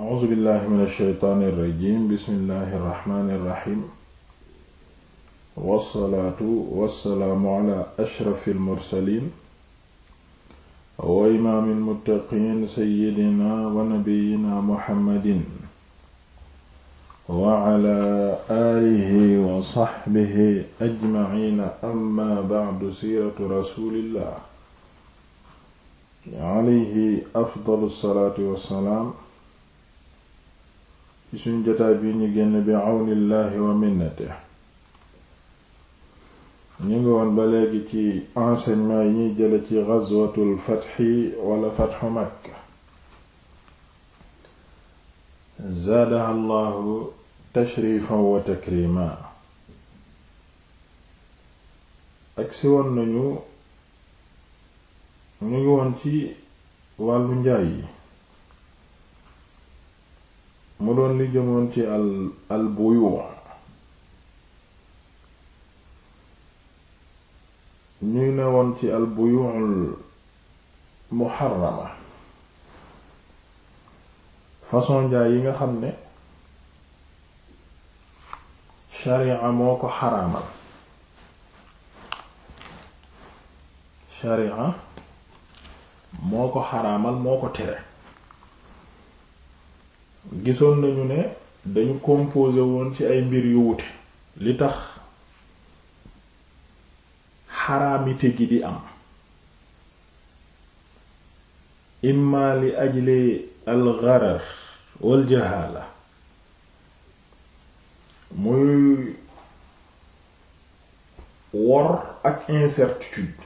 a'uuzu billahi min ash-shaytaani rajim bismillahi irrahmani irrahim wassalaatu wassalaamu ala ashrafi almursalin wa imaami almuttaqiin sayyidina wa nabiyina muhammadin wa ala aalihi wa saxbihi ajmaciina amma bacdu siiratu rasuulillah alayhi afdalu salaatu wassalaam ci suñu jotaay bi ñu génn bi àwnillaahi wa minnate ñu ngi woon ba léegi ci enseignement yi ñuy jële ci ghazwatul fathi wala fathu makka zaadaha allahu tashrifan wa takrima ak si woon nañu ñu ngi woon ci wàllu njaay yi mu doon li jëmoon ci al al buyu ñuy ne woon ci al buyuul muharrama façon njaay yi nga xam ne sharia moo ko xaraamal sharia moo ko xaramal moo ko tere gisoon nañu ne dañu composé woon ci ay mbir yu wute li tax xaraamite gi di am imma li ajli algarar wal jahaala muy wor ak incertitude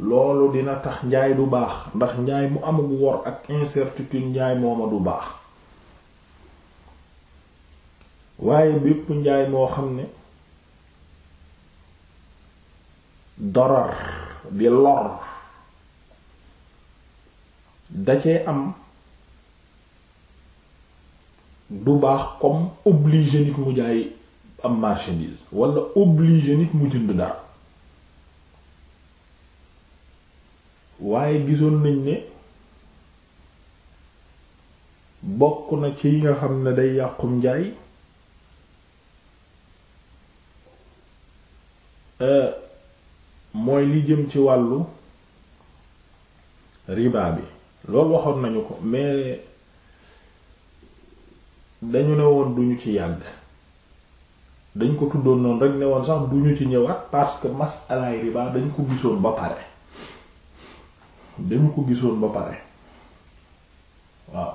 loolu dina tax njaay du baax ndax njaay mu amagu wor ak incertitude njaay mooma du baax waaye bépp njaay moo xam ne dorar di lor da am du baax comme obligé nit mu jaay am marchandise wala obligé nit mu jënd dara waaye gisoon nañ ne bokk na ci yi nga xam ne day yàqum njaay euh, mooy li jëm ci wàllu riba bi loolu waxoon nañu ko mais dañu ne woon duñu ci yàgg dañ ko tuddoon noonu rek ne woon sax duñu ci ñëwaat parce que masalaay riba dañ ko gisoon ba pare dañu ko gisoon ba pare waaw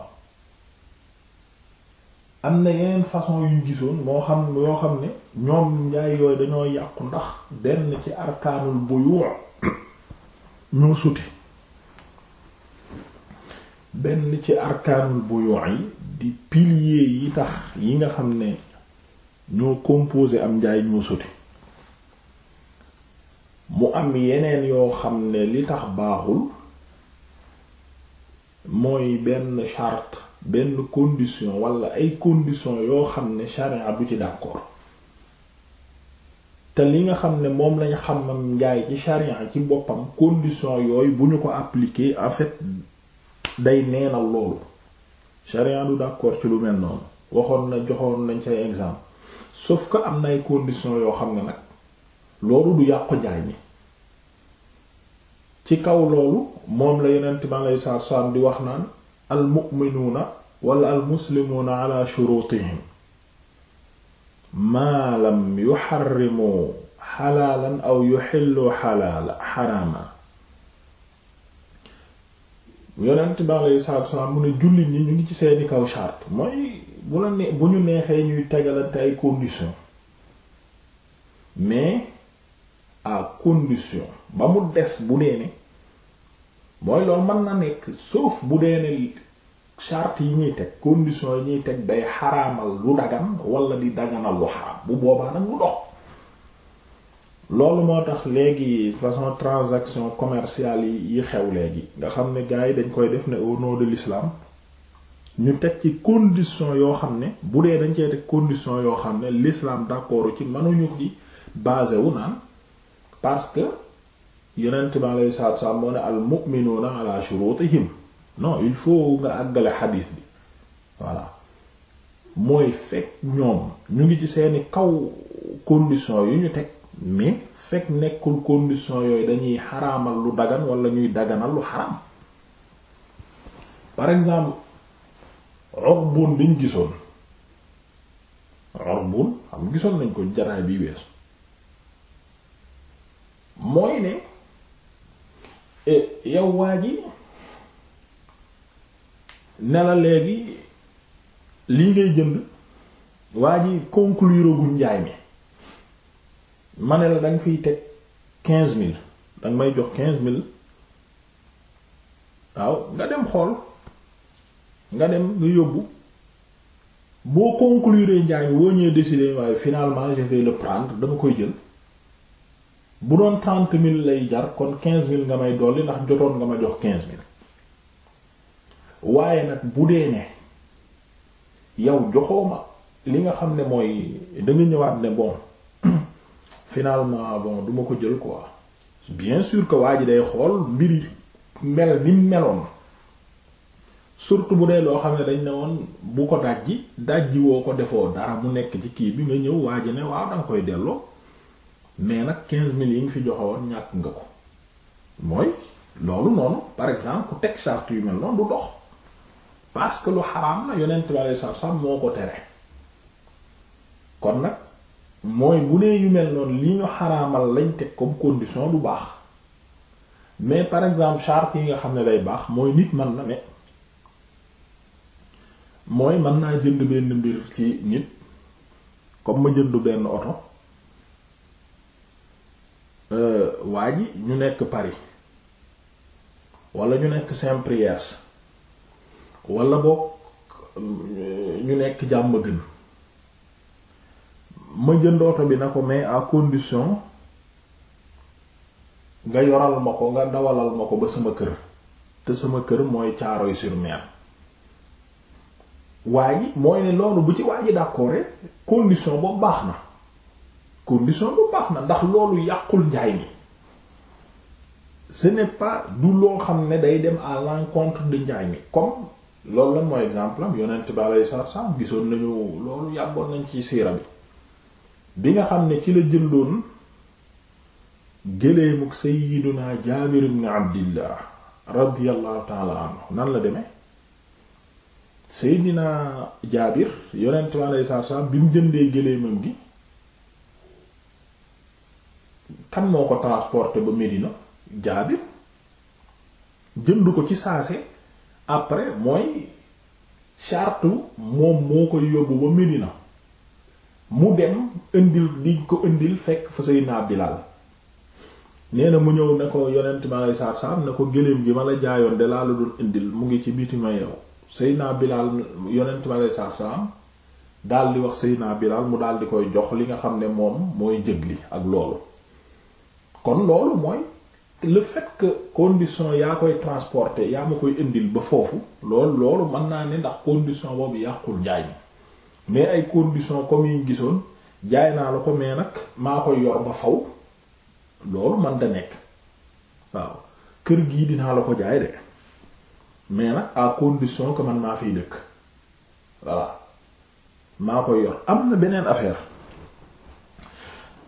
am na yeneen façon yuñ gisoon moo xam yoo xam ne ñoom njaay yooyu dañoo yàqu ndax benn ci arkaanul buyu ñoo ci arkaanul buyu yi di pilier yi tax yi nga xam ne ñoo composé am njaay ñoo sute mu am yeneen yoo xam ne li tax baaxul mooy benn chart benn condition wala ay condition yoo xam ne sharia du ci d'accord te li nga xam ne moom lañ xamam njaay ci sharia ci boppam condition yooyu bu ñu ko appliquer en fait day neenal loolu sharia du d'accord ci lu mel noonu waxoon na joxoon lañ ca exemple sof ka am na ay condition yoo xam ne nag loolu du yàqu jaay mi ci kaw loolu moom la yonent bi aleyhi salaatu di wax naan al mu'minuuna wala al muslimuuna ala shuruutihim maa lam yuxarrimu xalaalan aw yuxillu xalaala xaraama yonent bi aleyhi salaatu mu ne jullit ñi ñu ngi ci seeni kaw charte mooy bu ne ñu neexee ñuy tegalante ay conditions mais à condition ba mu des bu dee mooy loolu mën na nekk sauf bu dee ne charte yi ñuy teg condition yi ñuy teg day xaraamal lu dagan wala di daganal lu xaraam bu boobaa nag mu dox loolu moo tax léegi façon transaction commerciale yi yi xew léegi nga xam ne gars yi dañ koy def ne au nom de l'islam ñu teg ci condition yoo xam ne bu dee dañ cee teg condition yoo xam ne l'islam d'accord ci mënuñu ci basé wu naan parce que yonent bi alayhi salaatu wa salaam moo ne al mu'minuuna ala shurutihim non il faut nga àggale xadiis bi voilà mooy fekk ñoom ñu ngi ci seeni kaw condition yu ñu teg mais fekk nekkul condition yooyu dañuy xaramal lu dagan walla ñuy daganal lu xaraam par exemple orbun biñ gisoon orbun xam gisoon nañ ko jaraay bi weesu mooy ne E, yow waa ji ne la léegi lii ngay jënd waa ji conclure guñ njaay mi ma ne la danga fiy teg quinze mille danga may jox quinze mille waaw nga dem xool nga dem nga yóbbu boo conclure njaay mi boo ñëwee décider waaye finalement je vais le prendre dama koy jël bu doon trente mille lay jar kon quinze mille nga may dolli ndax jotoon nga ma jox quinze mille waaye nag bu dee ne yow joxoo ma li nga xam ne mooy da ñëwaat ne bon finalement bon duma ko jël quoi bien sûr que waa ji day xool mbiri mel ni meloon surtout bu dee loo xam ne dañ ne woon bu ko dajji dajji woo ko defoo dara mu nekk ci kii bi nga ñëw waa ji ne waaw danga koy delloo mais nag quinze mille yi nga fi joxe woon ñàkk nga ko mooy loolu noonu par exemple ku teg charte yu mel noonu du dox parce que lu xaraam na yonent bi alei moo ko tere kon nag mooy bu nee yu mel noonu li ñu xaraamal lañ teg comme condition du baax mais par exemple charte yi nga xam ne day baax mooy nit man na ne mooy mën naa jënd benn mbir ci nit comme ma jëndu benn oto Euh, waa ji ñu nekk Paris wala ñu nekk Saint-Priest wala boog euh, ñu nekk jàmm gën ma jëndooto bi na ko mais à condition nga yoral ma ko nga dawalal ma ko ba sama kër te sama kër mooy Caaroy sur waa ji mooy ne loolu bu ci waa ji d'accord condition boobu baax na condition bu baax na ndax loolu yàqul njaay mi ce n'est pas du loo xam ne day dem à l'encontre de njaay mi comme loolu lan mooy exemple am yonent bi alayhi salaatu gisoon nañu loolu yàggoon nañ ci siira bi bi nga xam ne ci la jëndoon géléemuk sayyiduna Jaabir ibn Abdillah radiyallahu ta'ala anhu nan la demee sayyidina Jaabir yonent bi alayhi salaatu salaam bi mu jëndee géléemam gi kan moo ko transporté ba Medina Jaabir jënd ko ci saase après mooy charte moom moo koy yóbbu ba Medina mu dem indil di ko indil fekk fa Seydina Bilaal nee na mu ñëw ne ko yonent ma lay saar saar ne ko gëléem gi ma la jaayoon de laa la doon indil mu ngi ci biti ma yow Seydina Bilaal yonent ma lay saar saar daal di wax Seydina Bilaal mu daal di koy jox li nga xam ne moom mooy jëg li ak loolu kon loolu mooy le fait que condition yaa koy transporter yaa ma koy indil ba foofu loolu loolu mën naa ne ndax condition boobu yàqul njaay mais ay condition comme yi gisoon jaay naa la ko mais nag maa koy yor ba faw loolu man da nekk waaw kër gii dinaa la ko jaay de mais nag à condition que man maa fiy dëkk voilà maa koy yor am na beneen affaire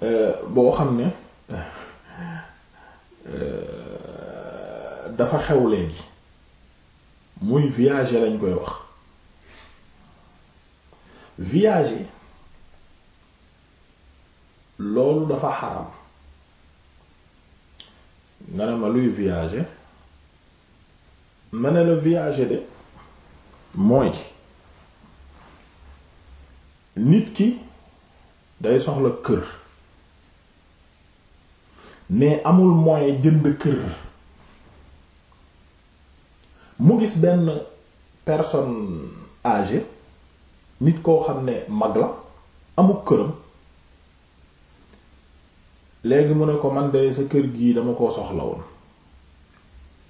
euh, boo xam ne Euh, dafa xew léegi muy voyager lañ koy wax viage loolu dafa xaram nga ne ma luy voyager ma ne la voyager de mooy nit ki day soxla kër mais amul moyen jënd kër mu gis benn person age nit koo xam ne mag la amul këram léegi mu ne ko man de sa kër gii dama ko soxla woon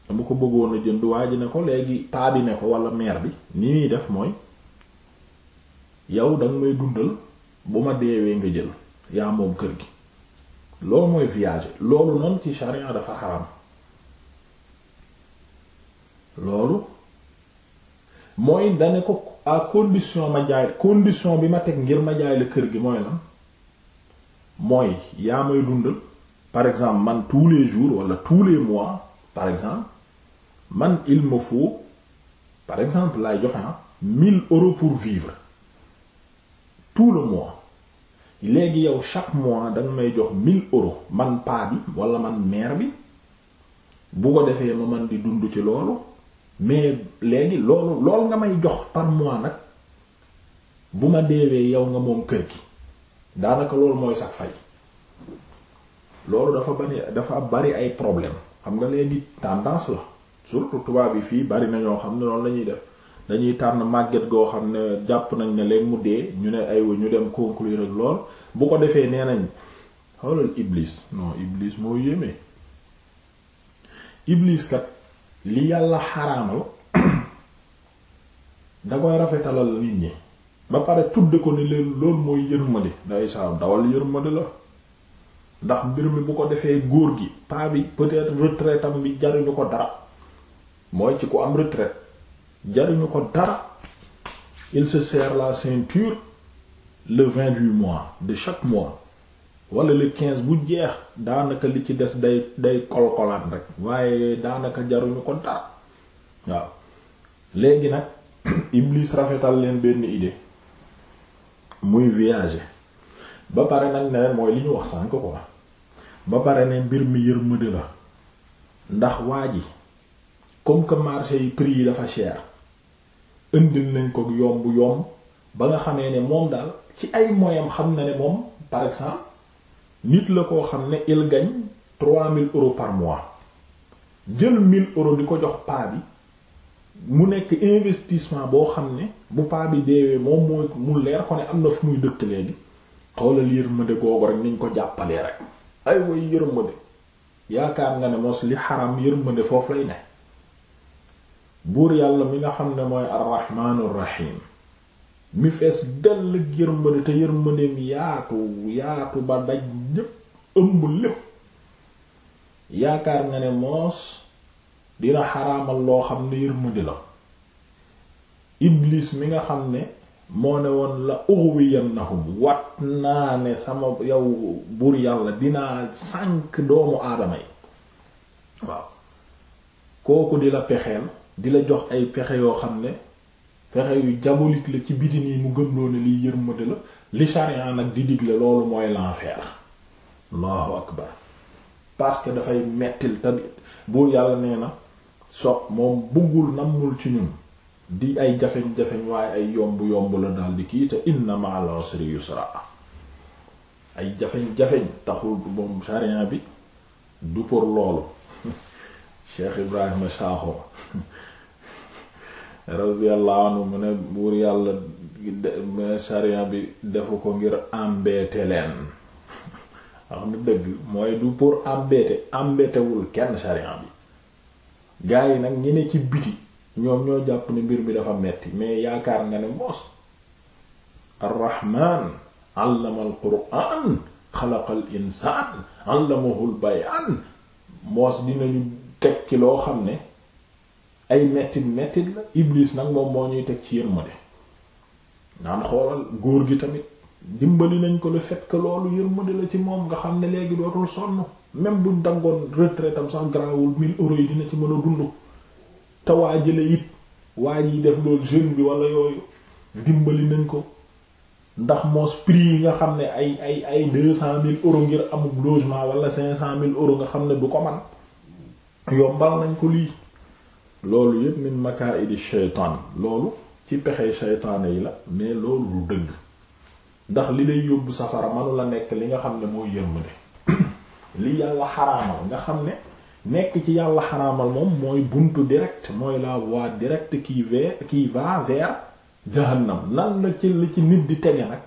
dama ko bëggoon jënd waa ji ne ko léegi paa ne ko walla meer bi ni muy def mooy yow danga may dundal bu ma deewee nga jël yaa moom kër gi loolu mooy voyage loolu noonu ci sharia dafa xaram loolu mooy dane ko condition ma jaay condition bi ma teg ngir ma jaay la kër gi mooy lan mooy yaa may dundal par exemple man tous les jours walla tous les mois par exemple man il faut par exemple laay joxe ah 1000 euros pour vivre tout le mois léegi yow chaque mois danga may jox 1000 euros man paa bi wala man mère bi bu ko defee ma man di dund ci loolu mais léegi loolu loolu nga may jox par mois nag bu ma deewee yow nga moom kër gi daanaka loolu mooy sax fay loolu dafa bari dafa bari ay problème xam nga léegi tendance la surtout tubaab yi fii bari na ñoo xam ne loolu lañuy def dañuy tànn màgget goo xam ne jàpp nañ ne leen mu dee ñu ne aywa ñu dem conclure ak lool bu ko defee nee nañ xoolal iblis non iblis moo yéeme iblis kat li yàlla xaraamal da koy rafetalal nit ñi ba pare tudd ko ni leen loolu mooy yërmande day saa dawal yërmande la ndax mbir mi bu ko defee góor gi pas bi peut-être retraite am bi jaruñu ko dara mooy ci ku am retraite jariñu ko dara il se serre la ceinture le vingt du mois de chaque mois wala le quinze bu jeex daanaka li ci des day day kolkolaat rek waaye daanaka jaruñu ko dara waaw léegi nag Iblis rafetal leen benn idée muy voyager ba pare nag ne mooy li ñu wax sànk ko ba pare ne mbir mi yërmande la ndax waa ji comme que marché yi prix yi dafa cher. indil nañ ko yomb yomb ba nga xamee ne moom daal ci ay moyam xam na ne moom par exemple nit la koo xam ne il gagne trois mille euros par mois jël mille euros di ko jox paa bi mu nekk investissement boo xam ne bu paa bi deewee moom mooy mu leer ko am na fu muy dëkk léegi xoolal yërmande googu rek niñ ko jàppalee rek ay way yërmande yaakaar nga ne mos li xaram yërmande foofu lay ne buur yàlla mi nga xam ne mooy arrahmaanur rahim mi fees dell yërmande te yërmandeem yaatu yaatu ba daj ñépp ëmb lépp yaakaar nga ne moos dina xaraamal loo xam ne yërmande la iblis mi nga xam ne moo ne woon la ughwiyannahum wat naa ne sama yow buur yàlla dinaa sànk doomu aadama yi waaw kooku di la pexeel di la jox ay pexe yoo xam ne pexe yu diabolique la ci biti nii mu gëmloo ne liy yërmande la li charia nag di digle loolu mooy l'enfer allahu akbar parce que dafay mettil tamit buur yàlla nee na so moom buggul nammul ci ñun di ay jafeñ-jafeñ waaye ay yomb-yomb la daal di kii te inna ma'al usri yusra ay jafeñ-jafeñ taxul moom charia bi du pour loolu Cheikh Ibrahima Sakho radiyallahu anhu mu ne buur yàlla charian bi defu ko ngir embêter leen wax na dëgg mooy du pour embêter embêter wul kenn charian bi gars yi nag ñi ne ci biti ñoom ñoo jàpp ne mbir mi dafa metti mais yaakaar nga ne moos arrahman allama bayaan moos dinañu tekki loo xam ne ay mettit mettit la iblis nag moom moo ñuy teg ci yërmande naan xoolal góor gi tamit dimbali nañ ko le fait loolu loolu yërmande la ci moom nga xam ne léegi dootul sonn même bu dangoon retraite am sax grawul 1000 euros yi dina ci mën a dund te waa jële it waa ji def loolu jeune bi wala yooyu dimbali nañ ko ndax moos prix yi nga xam ne ay ay ay 200000 euros ngir amub logement wala mille euros nga xam ne du ko man yombal nañ ko lii loolu yëpp min makaa'idi shaytaan loolu ci pexe shaytaane yi la mais loolu lu dëgg ndax li lay yóbbu safara manu la nekk li nga xam ne mooy yërmande li yàlla xaraamal nga xam ne nekk ci yàlla xaraamal moom mooy buntu direct mooy la voie directe qui vers qui va vers jahannam nan la ci la ci nit di tege nag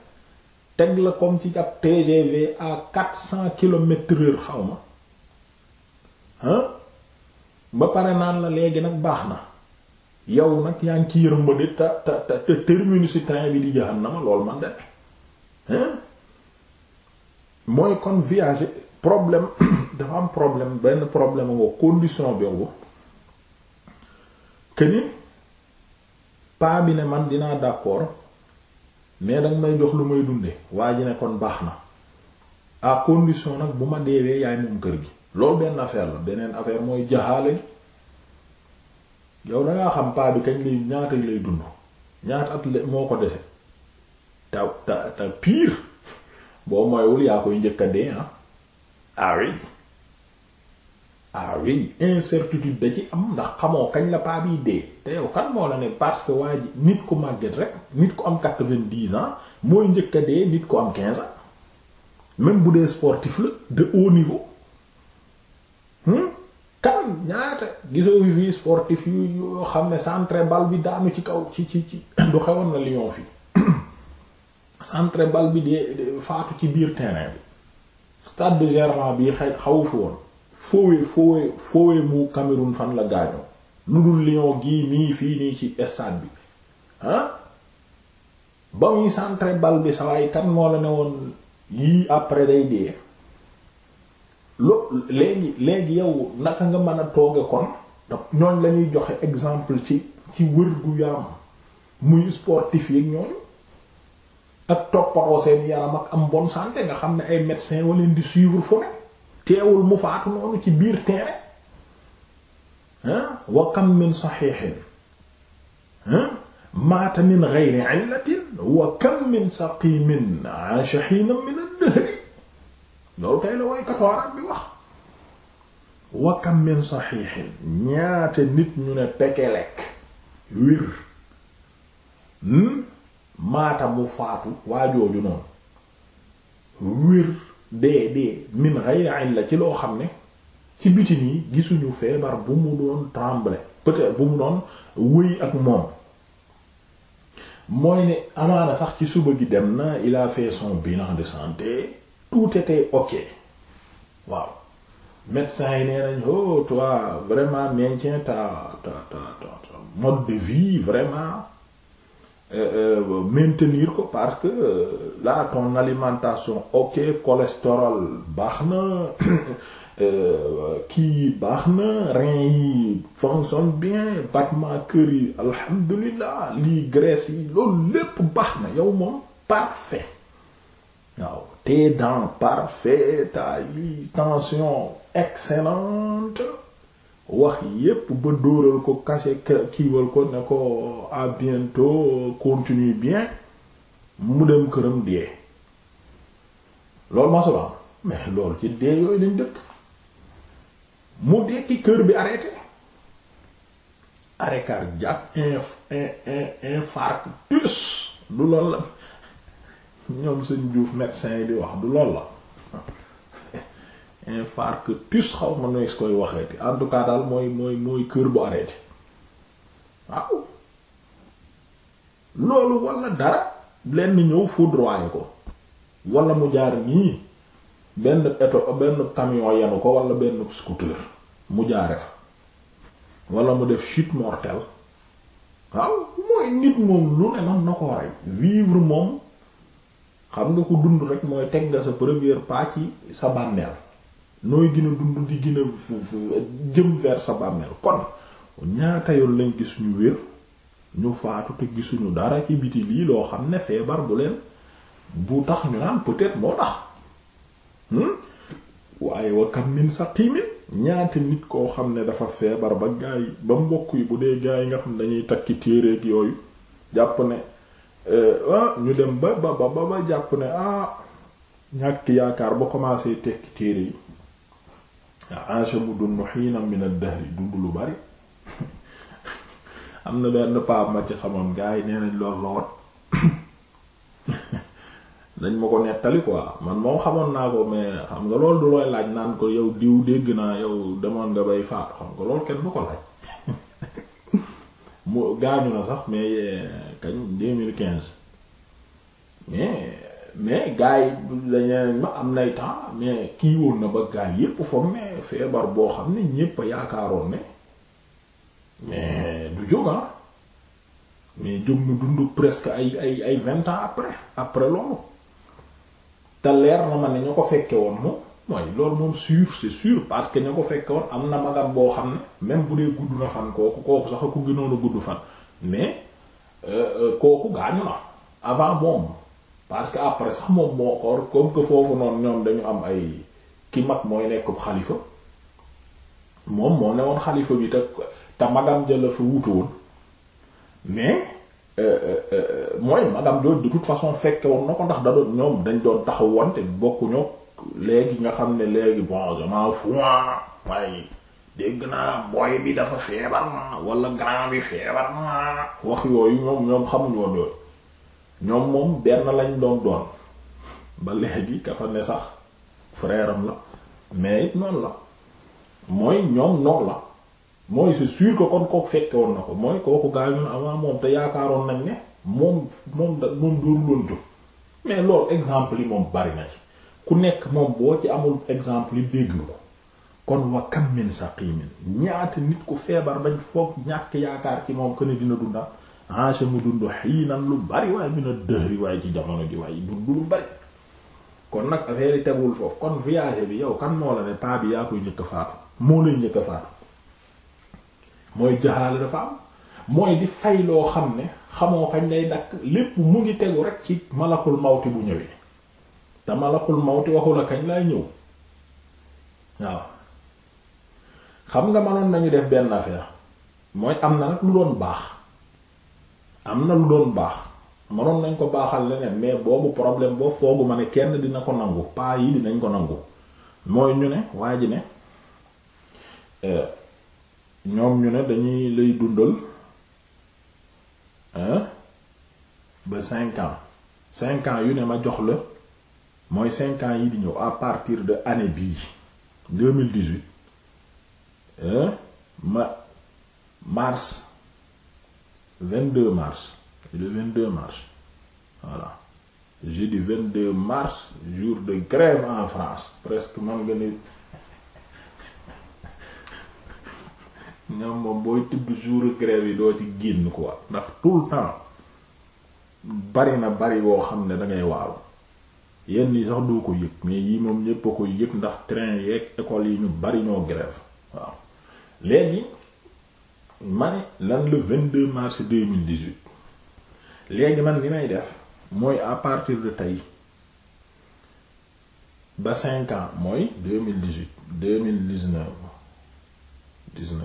teg la comme ci ab TGV à quatre cents kilomètres heure xaw ma ba pare naan la léegi nag baax na yow nag yaa ngi ci yërmande ta ta ta te terminus train bi di jahannama loolu man de hein mooy kon viage problème dafa am problème benn problème nga condition boobu que ni paa bi ne man dinaa d'accord mais danga may jox lu may dunde waa ji ne kon baax na à condition nag bu ma deewee yaay moom kër gi. loolu benn affaire la beneen affaire mooy jaxaale yow dangaa xam paa bi kañ lay ñaata lay dund ñaata at moo ko dese te te te pire boo moywul yaa koy njëkk dee ah ah, ah oui incertitude da ci am ndax xamoo kañ la paa biy dee te yow kan moo la ne parce que waa ji nit ku màgget rek nit ku am quatre-vingt-dix ans mooy njëkk a dee nit ku am quinze ans même bu dee sportif la de haut niveau. kan hmm? ñaata gisoo fii sportif yu yoo xam ne centre ball bi daanu ci kaw ci ci ci du xewoon na Lyon fii centre bal bi de faatu ci biir terrain bi stade de Germain bi xay xawu fi woon foowe foowe foowe mu Cameroun fan la gaañoo lu dul Lyon gii nii fii nii ci stade bi ah ba muy centre ball bi sawaay kan moo la ne woon yii après day dee lo léegi léegi yow naka nga mën a tooge kon ñooñ la ñuy joxe exemple ci ci wër gu yaram muy sportif yeeg ñooñu ak toppatoo seen yaram ak am bonne santé nga xam ne ay médecin wa di suivre fu ne teewul mu faatu noonu ci biir terrain ah wa kam min saxiixin ah maata min geyri illatin wa kam min saqimin aasha xiina min ad-dahr loolu tey la woykatu arab bi wax wa kam saxiixin ñaata nit ñu ne pekelek wir hmm? maata mu faatu waajooju noonu wir dee dee min ghayri illa ci loo xam ne ci bitin yi gisuñu feebar bu mu doon trembler peut-être bu mu doon wëy ak moom mooy ne amaana sax ci suba gi dem na il a fait son de santé tout était ok waaw médecins yi nee oh toi vraiment maintiens ta ta ta vraiment euh, euh, maintenir ko parce que euh, ton alimentation ok cholestérol baax na euh, kii baax na reins yi fonctionne bien battement cœur yi alhamdulilah lii graisse yi loolu lépp baax na yow moom parfait waaw tes dents parfaites ta tension excellente wax yépp ba dóoral ko caché kiiwal ko ne ko à bientôt continue bien mu dem këram dee loolu masulaam mais loolu ci dee yooyu lañ dëkk mu dekki kër bi arrêté arrêt cardiaque infarctus du loolu la ñoom seen juuf médecin yi di wax du lool la infarctus xaw ma nooy koy waxeeti en tout daal mooy mooy mooy kër bu arrêté waaw loolu wala dara lenn ñëw foudroyé ko wala mu jaar nii benn oto benn camion yenu ko wala benn scooter mu jaare fa wala mu def chute mortelle waaw mooy nit moom lu ne man na ko rey vivre moom xam nga ko dund rek mooy teg nga sa première pas ci sa bàmmeel nooy gën a dund di gën a jëm vers sa bàmmeel kon ñaata yoon lañ gis ñu wér ñu faatu te gisuñu dara ci biti lii loo xam ne feebar bu leen bu tax ñu naan peut-être moo tax hmm? waaye wa kam min saqimin ñaata nit koo xam ne dafa feebar ba gaay ba mbokk yi bu dee gaay yi nga xam ne dañuy takki téereeg yooyu jàpp ne Euh, ah, ñu dem ba ba ba ba jàpp ne ah ñàkk yaakaar ba commencé tekki téere yi aasha mu dund xiina min ad-dahri dund lu bari am na benn paab ma ci xamoon gars yi nee nañ loolu la wat man moom xamoon naa ko mais xam nga loolu du looy laaj naan ko yow demoon gaañu na sax mais kañ 2015 mais mais gars yi dañu ma am nay temps mais kii woon na ba gars yépp foog ne feebar boo xam ne ñépp a yaakaaroon ne mais du jóg ah mais jóg na dund presque ay ay ay vingt ans après après loolu te leer na ma ne ña ko fekkee woon moom mooy loolu moom sûr c'est sûr parce que ña ko fekke woon am na magam boo xam ne même bu dee gudd na fan kooku kooku sax a ku gënoon gudd fan mais Euh, euh, kooku gaañu na avant moom parce que après sax moom moo koor comme que foofu noonu ñoom dañu am ay ki mag mooy nekk xalifa moom moo ne woon xalifa bi te te magam jëla fi wutu woon mais euh, mooy magam jooju de toute façon fekke woon na ko ndax da doon ñoom dañ doon taxaw wante bokkuñu léegi nga xam ne léegi bon je m'en fous waaye dégg naa boy bi dafa feebar na wala grand bi feebar na wax yooyu ñoom ñoom xamuñ woon yooyu ñoom moom benn lañ doon doon ba léegi ka fa ne sax frère la mais it noonu la mooy ñoom noonu la mooy c'est sûr que kon kooku fekke woon na ko mooy kooku gaañoon avant moom te yaakaaroon nañ ne moom moom da moom dóoru mais loolu exemple yi moom bari na ci ku nekk moom boo ci amul exemple yi dégg nga ko kon wa kam sa saqimin ñaata nit ku feebar bañ foog ñàkk yaakaar ci moom que ne dina dunda ancha mu dund xiinan lu bari waaye mina dëhri waaye ci jamono ji waaye dund lu bari kon nag affaire yi tegul foofu kon voyage bi yow kan moo la ne paa bi yaa koy njëkk faatu moo lay njëkk faatu mooy jaxaale dafa am mooy di fay loo xam ne xamoo kañ lay dakk lépp mu ngi tegu rek ci malakul mawti bu ñëwee te malakul mawti waxu la kañ lay ñëw waaw xam nga mënoon nañu def benn affaire mooy am na nag lu doon baax am na lu doon baax mënoon nañ ko baaxal leneen mais boobu problème boo foogu ma ne kenn dina ko nangu paa yi dinañ ko nangu mooy ñu ne waa ji ne euh, ñoom ñu ne dañuy lay dundal ba cinq ans cinq ans yu ne ma jox la mooy cinq ans yi di ñëw à partir de année bii deux mille dix Euh, ma mars 22 mars le 22 mars voilà jeudi 22 mars jour de grève en France presque man nga ni ñoom moom booy tibb jour grève yi doo ci génn quoi ndax tout le temps bari na bari woo xam ne dangay waaw yenn yi sax doo ko yëg mais yi moom ñépp a ko yëg ndax train yeeg école yi ñu bari ñoo grève waaw léegi ma ne lan le 22 mars 2018 léegi man li may def mooy à partir de tey ba cinq ans mooy 2018 2019 19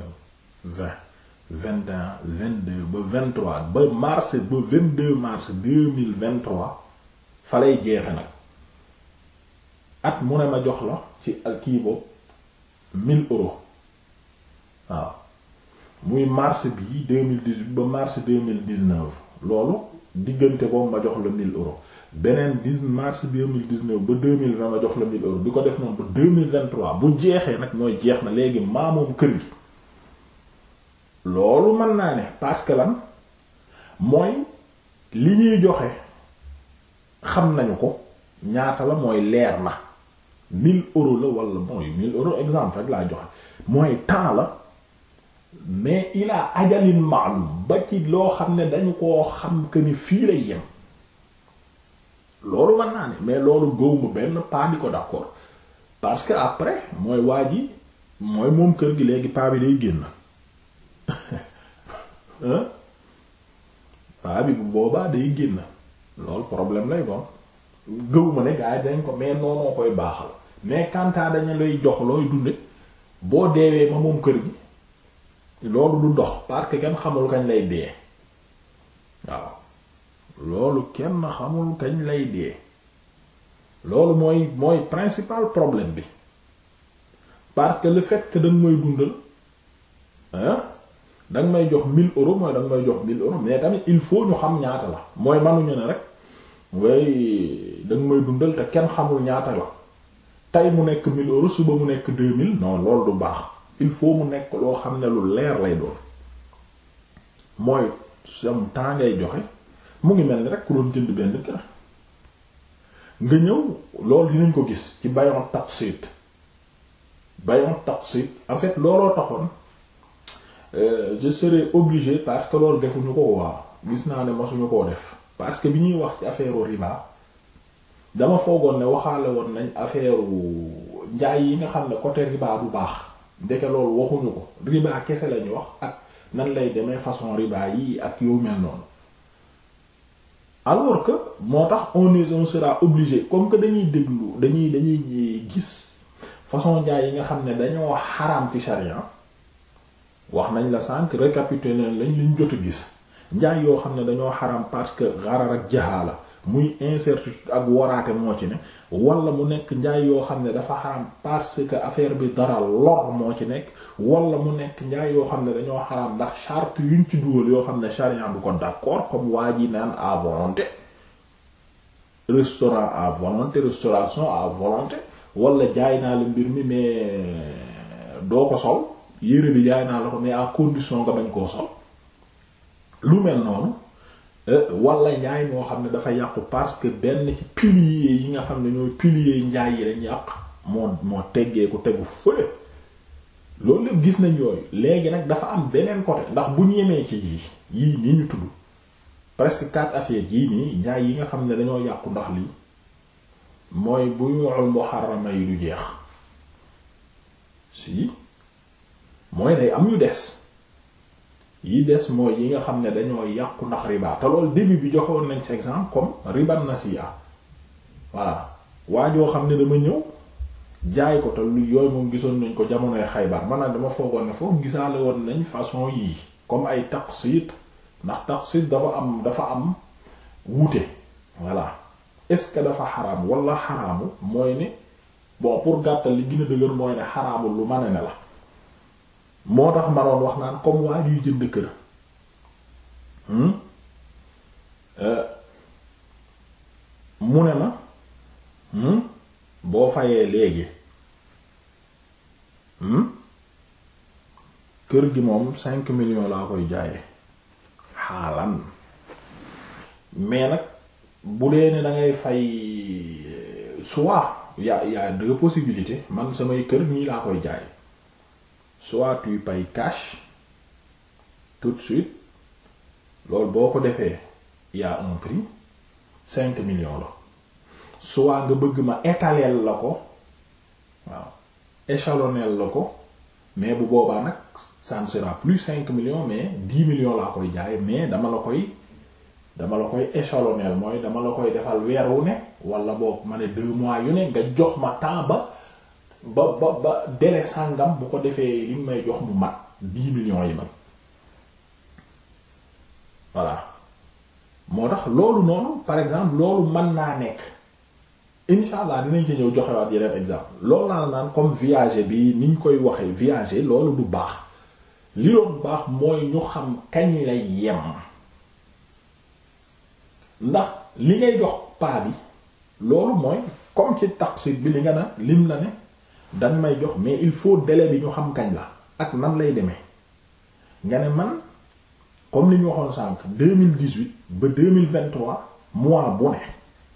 20 21 22 ba 23 ba mars ba 22 mars 2023 fa lay jeexe nag at mu ne ma jox la ci kii boobu 1000 euros. waaw muy mars bii deux mille dix-huit ba mars deux mille dix-neuf loolu diggante boobu ma jox la mille euros beneen dix mars deux mille dix-neuf ba deux mille vingt jox la mille euros ko def noonu ba deux mille vingt-trois bu jeexee nag mooy jeex na léegi maamoom kër gi loolu mën naa ne parce que lan mooy li ñuy joxe xam nañu ko ñaata la mooy leer na mille euros la wala mooy mille euros exemple rek laa jox mooy temps la. mais ilaa ajalin maalum ba ci loo xam ne dañu koo xam que ni fii lay yem loolu mën naa ne mais loolu gëwma benn paa di ko d'accord parce que après mooy waa ji mooy moom kër gi léegi paa bi day génn paa bu boobaa day génn loolu problème lay doon gëwma ne gaa yi dañ ko mais noonoo koy baaxal mais kantaa dañu lay jox looy dunde boo deewee ma moom kër gi loolu du dox parce que kenn xamul kañ lay dee waaw loolu kenn xamul kañ lay dee loolu mooy mooy principal problème bi parce que le fait que danga may dundal hein danga may jox mille euros mooy danga may jox 1000 euros mais tamit il faut ñu xam ñaata la mooy mënuñu ne rek way danga may dundal te kenn xamul ñaata la tey mu nekk mille euros suba mu nekk mille non loolu du baax. il faut mu nekk loo xam ne lu leer lay doon mooy sam temps ngay joxe mu ngi mel ni rek ku doon jënd benn kër nga ñëw loolu dinañ ko gis ci bayon taqsit bayon taqsit en fait looloo taxoon euh, je serai obligé parce que loolu defuñu ko waaw gis naa ne masuñu koo def parce que bi ñuy wax ci affaire riba dama foogoon ne waxaale woon nañ affaire njaay yi nga xam ne côté riba bu baax ndeke loolu waxuñu ko riba kese lañuy wax ak nan lay demee façon riba yi ak yow mel noonu alors que moo tax on est on sera obligé comme que dañuy déglu dañuy dañuy gis façon jaay yi nga xam ne dañoo xaraam ci sharia wax nañ la sànq récapitulé lañ liñ jot a gis njaay yoo xam ne dañoo xaraam parce que xarar ak jahaala muy incertitude ak waraate moo ci ne walla mu nekk njaay yoo xam ne dafa xaram parce que affaire bi dara lor moo ci nekk wala mu nekk njaay yoo xam ne dañoo xaram ndax charte yuñ ci dugal yoo xam ne charia du ko d'accord comme waa ji naan à volonté restaurant à volonté restauration à volonté wala jaay naa la mbir mi mais doo ko sol yére bi jaay naa la ko mais à condition nga bañ koo sol lu mel noonu Euh, wala njaay moo xam ne dafa yàqu parce que benn ci yi nga xam ne ñooy pilier njaay yi dañ yàq moo moo teggee ku tegu fële loolu lépp gis nañ yooyu léegi nag dafa am beneen côté ndax bu ñu yemee ci yii yii nii ñu tudd presque quatre affaires yii nii njaay yi nga xam ne dañoo yàqu ndax lii mooy bu ñu waxul muharrama yi du jeex si mooy day am ñu des yi des mooy yi nga xam ne dañoo yàqu ndax riba te loolu début bi joxoon nañ ci exemple comme na si voilà waa joo xam ne dama ñëw jaay ko te lu yooyu moom gisoon nañ ko jamonoy xaybar maanaam dama foogoon ne foofu gisaale woon nañ façon yii comme ay taqsit ndax taqsit dafa am dafa am wuute voilà est-ce que dafa xaraam wala xaraamu mooy ne bon pour gàttal li gën a mooy ne xaraamul lu mën ne la moo tax ma wax naan comme waa yuy jënd kër hmm? euh, mu ne ma hmm? boo fayee léegi hmm? kër gi moom cinq millions laa koy jaay xaalan mais nag bu dee ne fay euh, soit yaa yaa deux possibilité man samay kër ñii laa koy jaayee. soit tu payes cash tout de suite loolu boo ko defee y a cinq millions la soit nga bëgg ma étaler la ko waaw échelonner la ko mais bu boobaa nag ça ne sera plus cinq millions mais dix millions laa koy jaay mais dama la koy dama la koy échelonner mooy dama la koy defal weer wu ne walla boog ma ne deux mois yu ne nga jox ma temps ba ba ba ba dele sàngam bu ko defee li may jox mu mat dix millions yi man voilà moo tax loolu noonu par exemple loolu mën naa nekk insha allah dinañ ci ñëw joxewaat yeneen exemple loolu naa naan comme viager bi niñ koy waxee viager loolu du baax li doon baax mooy ñu xam kañ lay yem ndax li ngay jox paa bi loolu mooy comme ci taqsir bi li nga naan lim la ne dañ may jox mais il faut délai bi ñu xam kañ la ak nan lay demee nga ne man comme li ñu waxoon sànq deux mille dix huit ba deux mille vingt trois mois bu ne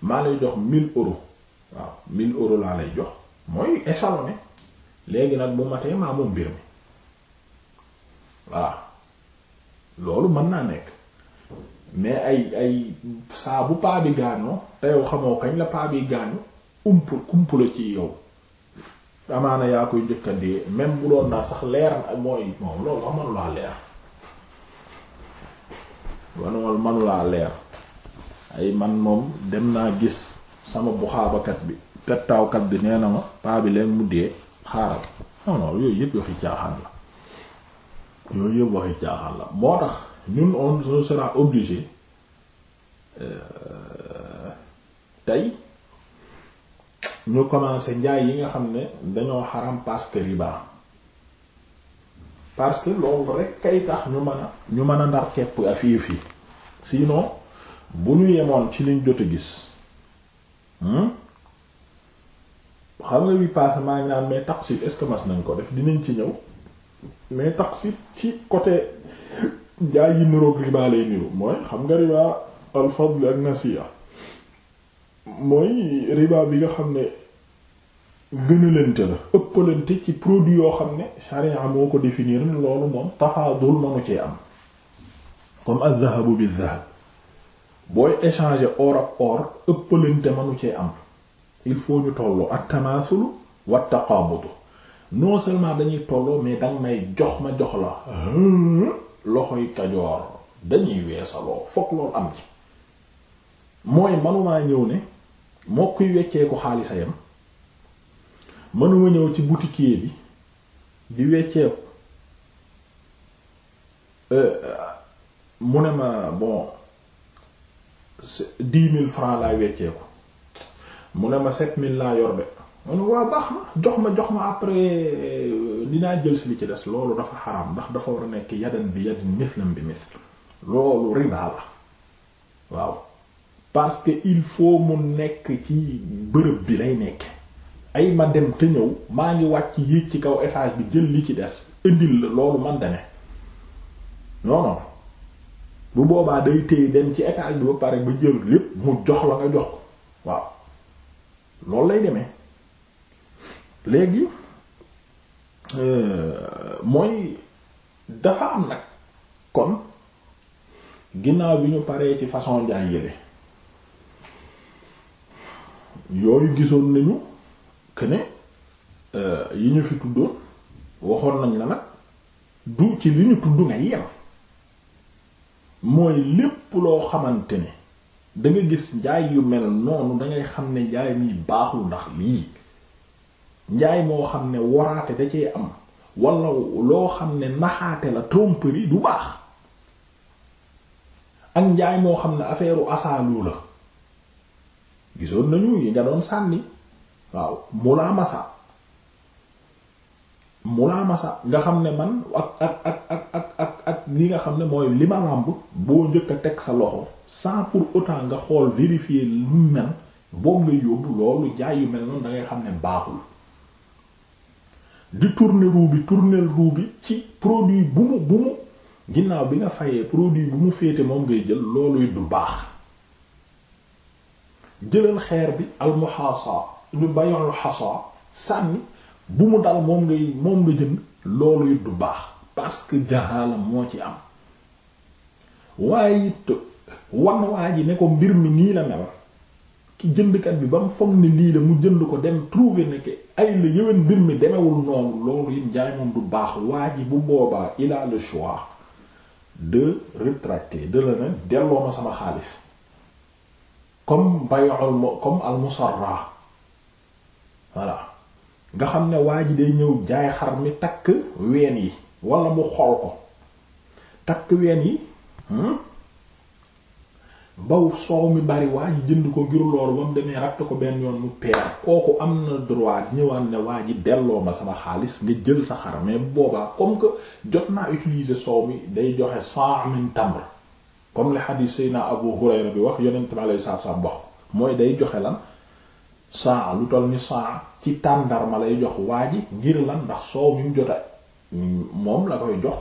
maa lay jox mille euros waaw mille euros laa lay jox mooy échelonné léegi nag bu matee maa moom mbir mi waaw loolu mën naa nekk mais ay ay saabu bu paa bi gaañoo te yow xamoo kañ la paa bi gaañu umpul kumpula ci yow. amaana yaa koy jëkkandee même bu doon naa sax leer mooy moom loolu sax manulaa leer ay man moom dem naa gis sama buxaabakat bi pettaawkat bi nee na ma paa bi leen mu dee xaaral non non yooyu yëpp waxi caaxaan la yooyu yëpp waxi caaxaan la moo tax ñun on sera obligé euh, tey ñu commencé njaay yi nga xam ne dañoo xaram parce que riba parce que loolu rek kay tax ñu mën a ñu mën a ndar kepp afiyu fi sinon bu ñu yemoon ci liñ jot a gis hmm? xam nga bi passé maa ngi naan mais taqsit est-ce que mas nañ ko def dinañ ci ñëw mais taqsit ci côté njaay yi niroog riba lay niru mooy xam nga riba al fadl ak nasiya mooy riba bi nga xam ne gënalante la ëppalante ci produit yoo xam ne sharia moo ko définir loolu moom tafaadul manu cee am comme az-zahabu biz-zahab booy échanger or ak or ëppalante manu cee am il faut ñu tolloo ak tamaasulu wa taqaabudu non seulement dañuy tolloo mais danga may jox ma jox la loxoy kajoor dañuy weesaloo fokk loolu am ci mooy manumaa ñëw ne moo yi wecceeku ko xaalisa yam mënuma ñëw ci boutiquier bi di wecceeku euh, euh, mu ne ma bon dix mille francs laay wecceeku mu ne ma sept mille laa yor de man waa baax na jox ma jox ma après euh, dinaa jël si li ci des loolu dafa xaraam ndax dafa war a nekk yadan bi yadin mislam bi misl loolu riba la waaw parce que il faut mu nekk ci bërëb bi lay nekk ay ma dem te ñëw maa ngi wàcc yéeg ci kaw étage bi jël li ci des indil la loolu man da ne non boobaa day téye dem ci étage bi ba pare ba jël lépp mu jox la nga jox ko waaw loolu lay demee léegi euh, mooy dafa am nag kon ginnaaw bi ñu paree ci façon njaay yële yooyu gisoon nañu que euh, yi ñu fi tuddoon waxoon nañ la nag du ci li ñu tudd nga yem mooy lépp loo xamante ne da gis njaay yu mel noonu dangay xam ne njaay mi baaxul ndax lii njaay moo xam ne waraate da cee am walla loo xam ne naxaate la tromperie du baax ak njaay moo xam ne affaire u asaalu la gisoon nañu yi nga doon sànni waaw mulaa masa mulaa masa nga xam ne man ak ak ak ak ak li nga xam ne mooy li ma làmb boo njëkk a teg sa loxo sans pour autant nga xool vérifier lu mel boobu nga yóbbu loolu jaay yu mel noonu dangay xam ne baaxul di tourner roue bi tourner bi ci produit bu mu bu mu ginnaaw bi nga fayee produit bu mu féete moom ngay jël loolu it du baax jëlal xeer bi almuxaasa ñu bayoon xasa sànni bu mu dal moom ngay moom la jënd loolu it du baax parce que jaxaala moo ci am waaye it wan waa ji ne ko mbir mi nii la mel ki jëndkat bi ba mu foog ni lii la mu jënd ko dem trouver ne que ay la yëwen mbir mi demewul noonu loolu it njaay moom du baax waa ji bu boobaa il a le choix de retracter de la ne delloo ma sama xaalis comme bay'ul comme al musarra voilà nga xam ne waa ji day ñëw jaay xar mi takk ween yi walla mu xol ko takk ween yi hmm? baw soow mi bari waa ji jënd ko ngir loolu ba mu demee ratt ko benn yoon mu peer kooku am na droit ñëwaat ne waa ji delloo ma sama xaalis nga jël sa xar mais boobaa comme que jot naa utiliser soow mi day joxe cent mille tamr comme li xadiis Seydina Abu Hurayra bi wax yonent bi alayhi salaatu salaam mooy day joxe lan saa lu toll ni saa ci tàndarma lay jox waa ji ngir lan ndax soow mi mu jota moom la koy jox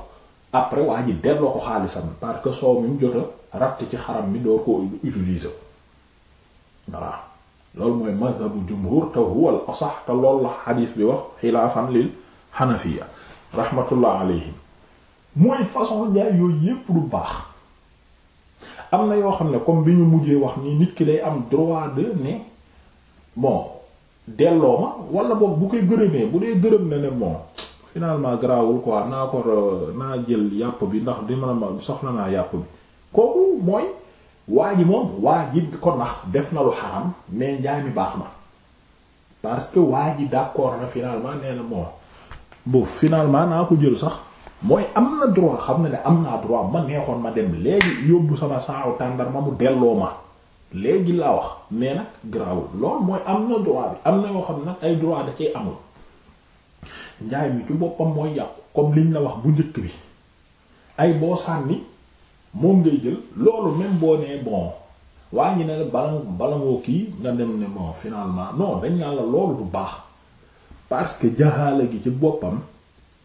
après waa ji delloo ko xaalisam parce que soow mi jota ratt ci xaram mi doo ko utiliser voilà loolu mooy mazhabu jumhur te huwa asax te loolu la xadiis bi wax xilaafan lil xanafiya rahmatullah alayhim mooy façon jaay yooyu yépp du baax am na yoo xam ne comme bi ñu mujjee wax ni nit ki day am droit de ne bon delloo ma wala boog bu koy gërëmee bu dee gërëm na ne bon finalement garaawul quoi naa ko naa jël yàpp bi ndax di ma soxla naa yàpp bi kooku mooy waa ji moom waa ji ko nax def na lu xaram mais njaay mi baax na parce que waa ji d'accord na finalement nee na bon bu finalement naa ko jël sax. mooy am na droit xam na ne am naa droit ma neexoon ma dem léegi yóbbu sama saaw tàndar ma mu delloo ma léegi laa wax mais nag grawul loolu mooy am na droit am na yoo xam nag ay droit da cay amul njaay mi ci boppam mooy yàqu comme la wax bu njëkk bi ay boo sànni moom ngay jël loolu même boo nee bon waa ngi ne bala bala ngoo kii nga dem ne bon finalement non dañ naan loolu du baax parce que jaxaale gi ci boppam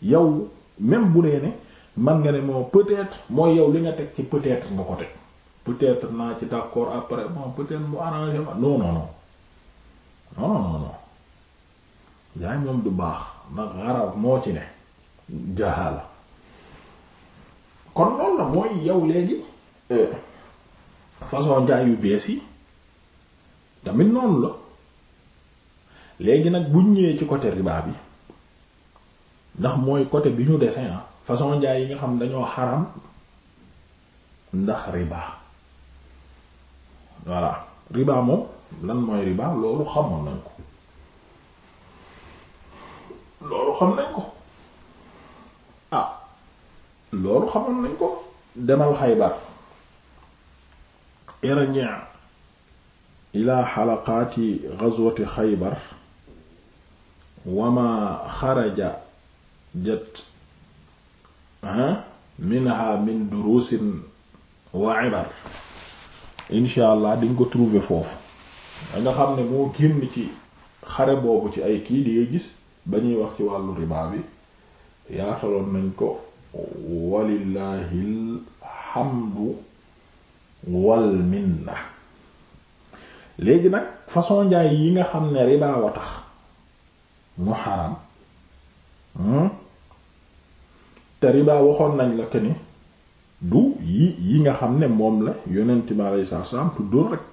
yow même bu dee ne man nga ne moom peut-être mooy yow li nga teg ci peut-être nga ko teg peut-être naa ci d'accord après bon peut-être mu arrangé ma non non non non baax ndax moo ci ne jaxaala kon yow léegi euh, façon jaay yu bees yi tamit noonu la léegi nag buñ ñëwee ci côté riba bi ndax mooy côté bi ñu dese ah façon jaay yi nga xam dañoo xaram ndax riba voilà riba moom lan mooy riba loolu xamoon nañ ko loolu xam nañ ko ah loolu xamoon nañ ko demal Xaybar irji ila xalaqaati gazwati Xaybar wama xaraja jat ah, minha min durusin wa ibar incha di nga ko trouver foofu danga xam ne moo génn ci xare boobu ci ay kii di nga gis ba ñuy wax ci wàllu riba bi yaataloon nañ ko walillahil hamdu wal minna léegi nag façon njaay yi nga xam ne riba wa tax mu xaram hmm? te riba waxoon nañ la que du yi yi nga xam ne moom la yonent bi alayhi salaam tuddoon rek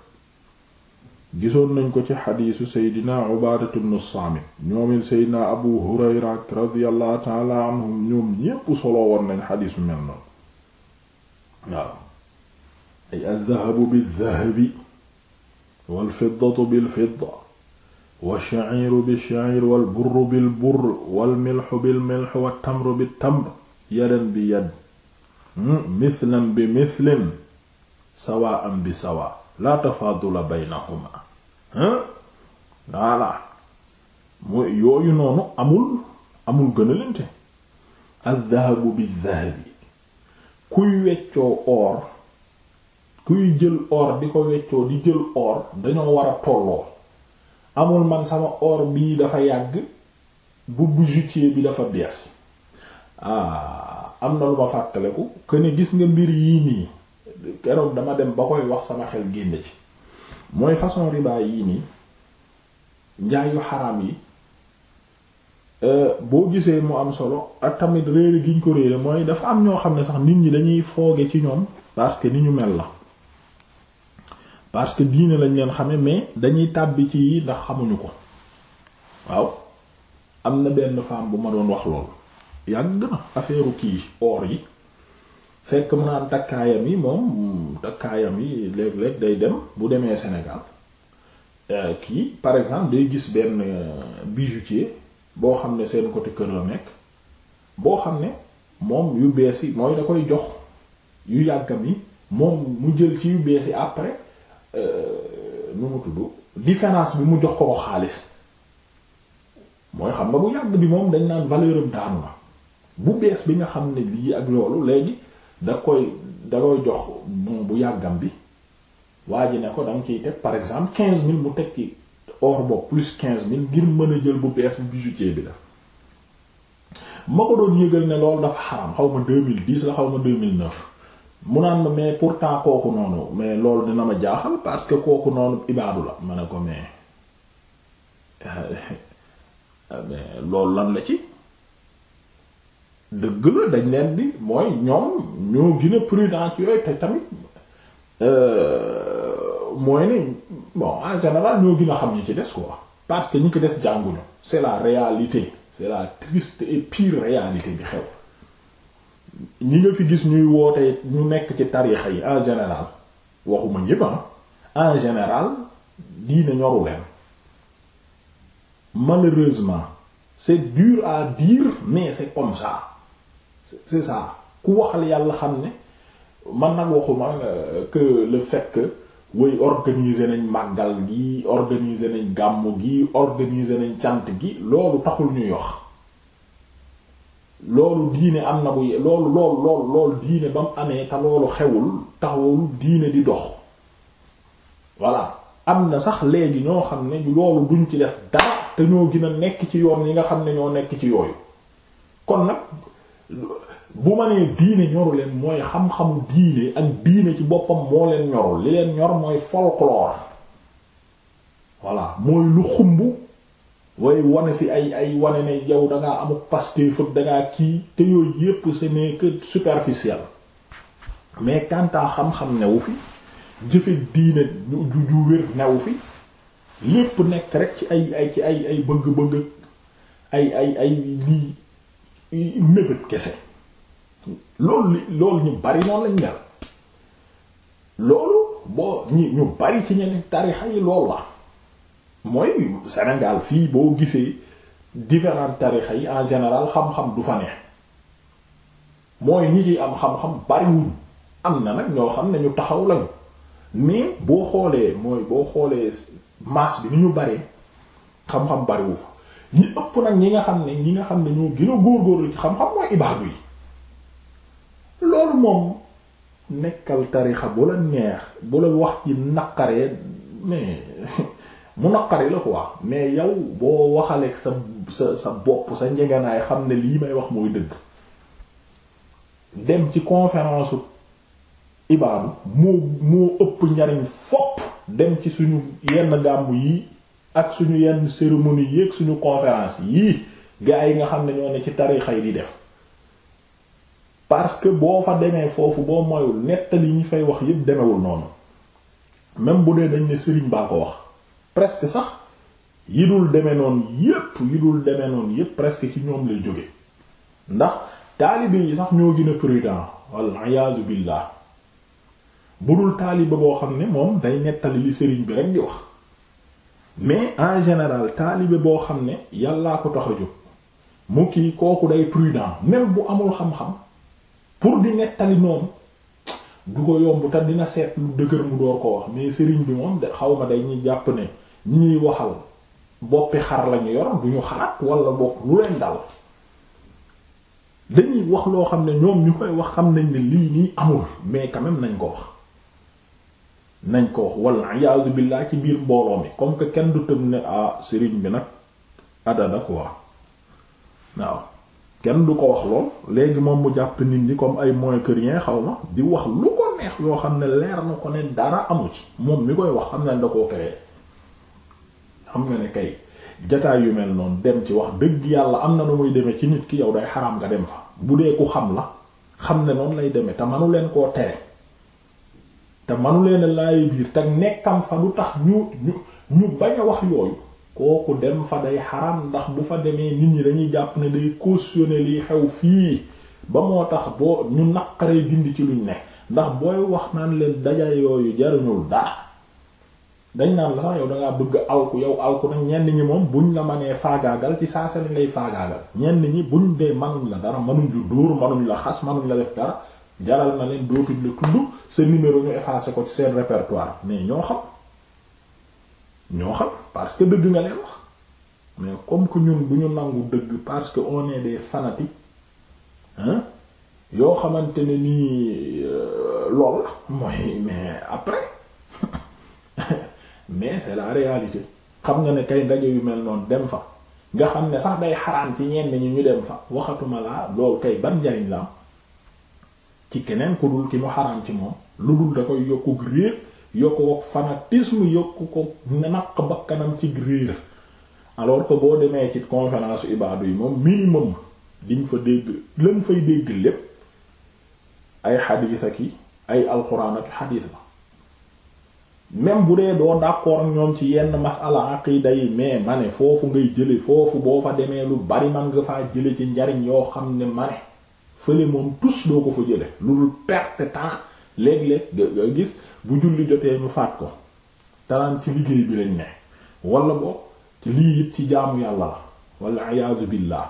gisoon nañ ko ci xadiisu seydina Ubaadatu bnu Saamit ñoomin seydina Abu Hurayra radiyallahu taala anhum ñoom ñépp solo woon nañ xadiis mel noonu waaw ay aldahabu bildahabi walfiddatu bilfidda walshaciiru bilshaciir walburru bilburr walmilxu bilmilx wattamru bittamr yadan bi yad hmm, mithlan bi mithlin sawaan bi sawa la tafaadula baynahuma hmm? voilà mooy yooyu noonu amul amul gën a lente aldahabu bildahabi kuy weccoo or kuy jël or di ko weccoo di jël or dañoo war a tolloo amul man sama or bii dafa yàgg bu bijoutier bi dafa bees ah am na lu ma fàttaleku que ne gis nga mbir yii nii keroog dama dem ba koy wax sama xel génn ci mooy façon riba yii nii njaayu xaram yi euh, boo gisee mu am solo ak tamit réere gi ñu ko réere mooy dafa am ñoo xam ne sax nit ñi dañuy fooge ci ñoom parce que ni ñu mel la parce que diine lañ leen xame mais dañuy tàbbi ci yi ndax xamuñu ko waaw am na benn femme bu ma doon wax loolu yàgg na affaire kii or yi fekk mu naan takkaayam yi moom takkaayam yi léeg-léeg day dem bu demee Sénégal euh, kii par exemple day gis benn euh, bijoutier boo xam ne seen côté kër la nekk boo xam ne moom yu bees yi mooy da koy jox yu yàggam yi moom mu jël ci yu bees yi après euh, nu mu tudd différence bi mu jox ko ko xaalis mooy xam nga bu yàgg bi moom dañ naan valeur daanu na bu bees bi nga xam ne lii ak loolu léegi da koy da koy jox moom bu yàggam bi waa ji ne ko da nga ciy teg par exemple quinze mille mu teg ci or bopp plus quinze mille ngir mën a jël bu bees bi bijoutier bi la ma ko doon yëgal ne loolu dafa xaram xaw ma deux mille dix la xaw ma deux mille neuf mu naan ma mais pourtant kooku noonu mais loolu dina ma jaaxal parce que kooku noonu ibaadu la ma ne ko mais loolu lan la ci. dëgg la dañ leen di mooy ñoom ñoo gën a prudent yooyu te tamit euh, mooy ne bon en général ñoo gën xam ñi ci des quoi parce que ñi ci des jànguñu c'est la réalité c'est la triste et pire réalité bi xew ñi nga fi gis ñuy wootee ñu nekk ci tarixa yi en général waxuma ñépp ah en général diine ñoru leen malheureusement c'est dur à dire mais c'est comme ça c'est ça ku waxal yàlla xam ne man nag waxuma euh, que le fait que way organiser nañ màggal gi organiser nañ gàmmu gi organiser nañ cant gi loolu taxul ñuy wax loolu diine am na bu loolu loolu loolu loolu diine ba mu amee te loolu xewul taxul diine di dox voilà am na sax léegi ñoo xam ne loolu duñ ci def dara te ñoo gën a nekk ci yoon yi nga xam ne ñoo nekk ci yooyu kon nag bu ma nee diine ñoru leen mooy xam-xamu diine ak diine ci boppam moo leen ñorul li leen ñor mooy folklore voilà mooy lu xumb way wane fi ay ay wane ne yow dangaa amul Pastef ak dangaa kii te yooyu yépp ce n'est que mais kantaa xam-xam newu fi jëfe diine ju ju wér newu fi lépp nekk rek ci ay ay ci ay ay bëgg-bëgg ay ay ay lii mébét kese loolu li loolu ñu bari noonu lañ mel loolu boo ñi ñu bari ci ñeneen tarixa yi loolu la mooy Sénégal fii boo gisee différentes tarixa yi en général xam-xam du fa ne mooy ñi ci am xam-xam bariwuñ am na nag ñoo xam ne ñu taxaw lañu mais boo xoolee mooy boo xoolee masse bi ni ñu baree xam-xam bariwu fa ñi ëpp nag ñi nga xam ne ñi nga xam ne ñoo gën góor góorgóorlu ci xam-xam mooy ibaadu yi loolu moom nekkal tarixa bu la neex bu la wax ci naqaree mais mu naqari la wax mais yow boo waxaleek sa sa sa bopp sa njëganaay xam ne lii may wax mooy dëgg dem ci conférence ibaadu moo moo ëpp njariñ fopp dem ci suñu yenn gàmmu yi ak suñu yenn cérémonie yi ak suñu conférence yii gaa yi nga xam ne ñoo ne ci tarixa yi di def parce que boo fa demee foofu boo moyul nettali ñu fay wax yépp demewul noonu même bu dee dañ ne sëriñ baa ko wax presque sax yi dul demee noonu yépp yi dul demee noonu yëpp presque ci ñoom lay jóge ndax taalibe yi sax ñoo gën a prudent wal iyaadu billah bu dul taalibe boo xam ne moom day nettali li sëriñ bi rekk di wax mais en général taalibe boo xam ne yàllaa ko tax a jóg mu kii kooku day prudent même bu amul xam-xam pour di nettali noonu du ko yomb te dina seet lu dëgër mu door ko wax mais sëriñ bi moom de xaw ma day ñuy jàpp ne ñi ñuy waxal boppi xar lañu yor du ñu xalaat wala bokk lu leen dal dañuy wax loo xam ne ñoom ñu koy wax xam nañ ne lii nii amul mais quand nañ ko wax nañ ko wax walla iyaazu billaah ci biir mbooloo mi comme que kenn du tëb ne ah sëriñ bi nag adada quoi waaw kenn du ko wax lool léegi moom mu jàpp nit ñi comme ay moins que rien xaw ma di wax lu ko neex yoo xam ne leer na ko ne dara amu ci moom mi koy wax xam nañ da koo créé xam nga ne kay jataay yu mel noonu dem ci wax dëgg yàlla am na nu muy demee ci nit ki yow day xaraam nga dem fa bu dee ku xam la xam ne noonu lay demee te manu leen koo tere. te manu leen a laay biir te nekkam fa du tax ñu ñu ñu bañ a wax yooyu kooku dem fa day xaram ndax bu fa demee nit ñi dañuy jàpp ne day cautionner liy xew fii ba moo tax boo ñu naqaree dindi ci luñ ne ndax booy wax naan leen daja yooyu jaruñul dara dañ naan la sax yow dangaa bëgg awku yow awku nag ñenn ñi moom buñ la mënee faagaagal ci saa sa lañ lay faagaagal ñenn ñi buñ dee manuñ la dara manuñ la dóor manuñ la xas manuñ la def dara jaral na leen dootuñ la tudd sa numéro ñu effacé ko ci seen répertoire mais ñoo xam ñoo xam parce que dëgg nga leen wax mais comme que ñun bu ñu nangu dëgg parce que on est des fanatiques hein yoo xamante ne nii euh, lool la mooy mais après mais c'est la réalité xam nga ne kay ndaje yu mel noonu dem fa nga xam ne sax day xaraan ci ñenn ñi ñu dem fa waxatuma laa loolu kay ban njariñ la ci keneen ku dul ki mu xaraam ci moom lu dul da koy yokku réer yokku wok fanatisme yokku ko naq bakkanam ci réer alors que boo demee ci conférence ibaadu yi moom minimum diñ fa dégg lañ fay dégg lépp ay xadiis ak i ay alxuraan ak xadiis la même bu dee doo d'accord ñoom ci yenn masala aqida yi mais ma ne foofu ngay jële foofu boo fa demee lu bari man nga faa jële ci njariñ yoo xam ne ma ne fële moom tus doo ko fa jële lu dul perte temps léeg-léeg gis bu julli jotee ñu faat ko taraan ci liggéey bi lañ ne wala bo lii it ci jaamu yàlla la wala iyaadu billah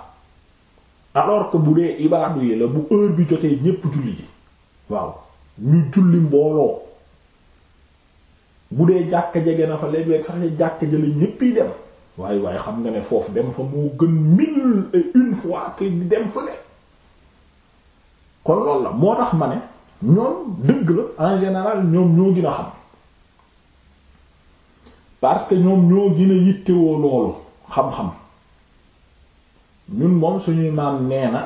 alors que bu dee ibaadu yi la bu heure bi jotee ñépp julli ji waaw ñu julli mbooloo bu dee jàkk jege na fa léeg-léeg sax ñu jàkk jële ñépp yi waaye waaye xam nga ne foofu dem fa moo gën mille et une fois que dem fële kon loolu la moo tax ma ne ñoom dëgg la en général ñoom ñoo gën a xam parce que ñoom ñoo gën a yittewoo loolu xam-xam ñun moom suñu maam nee na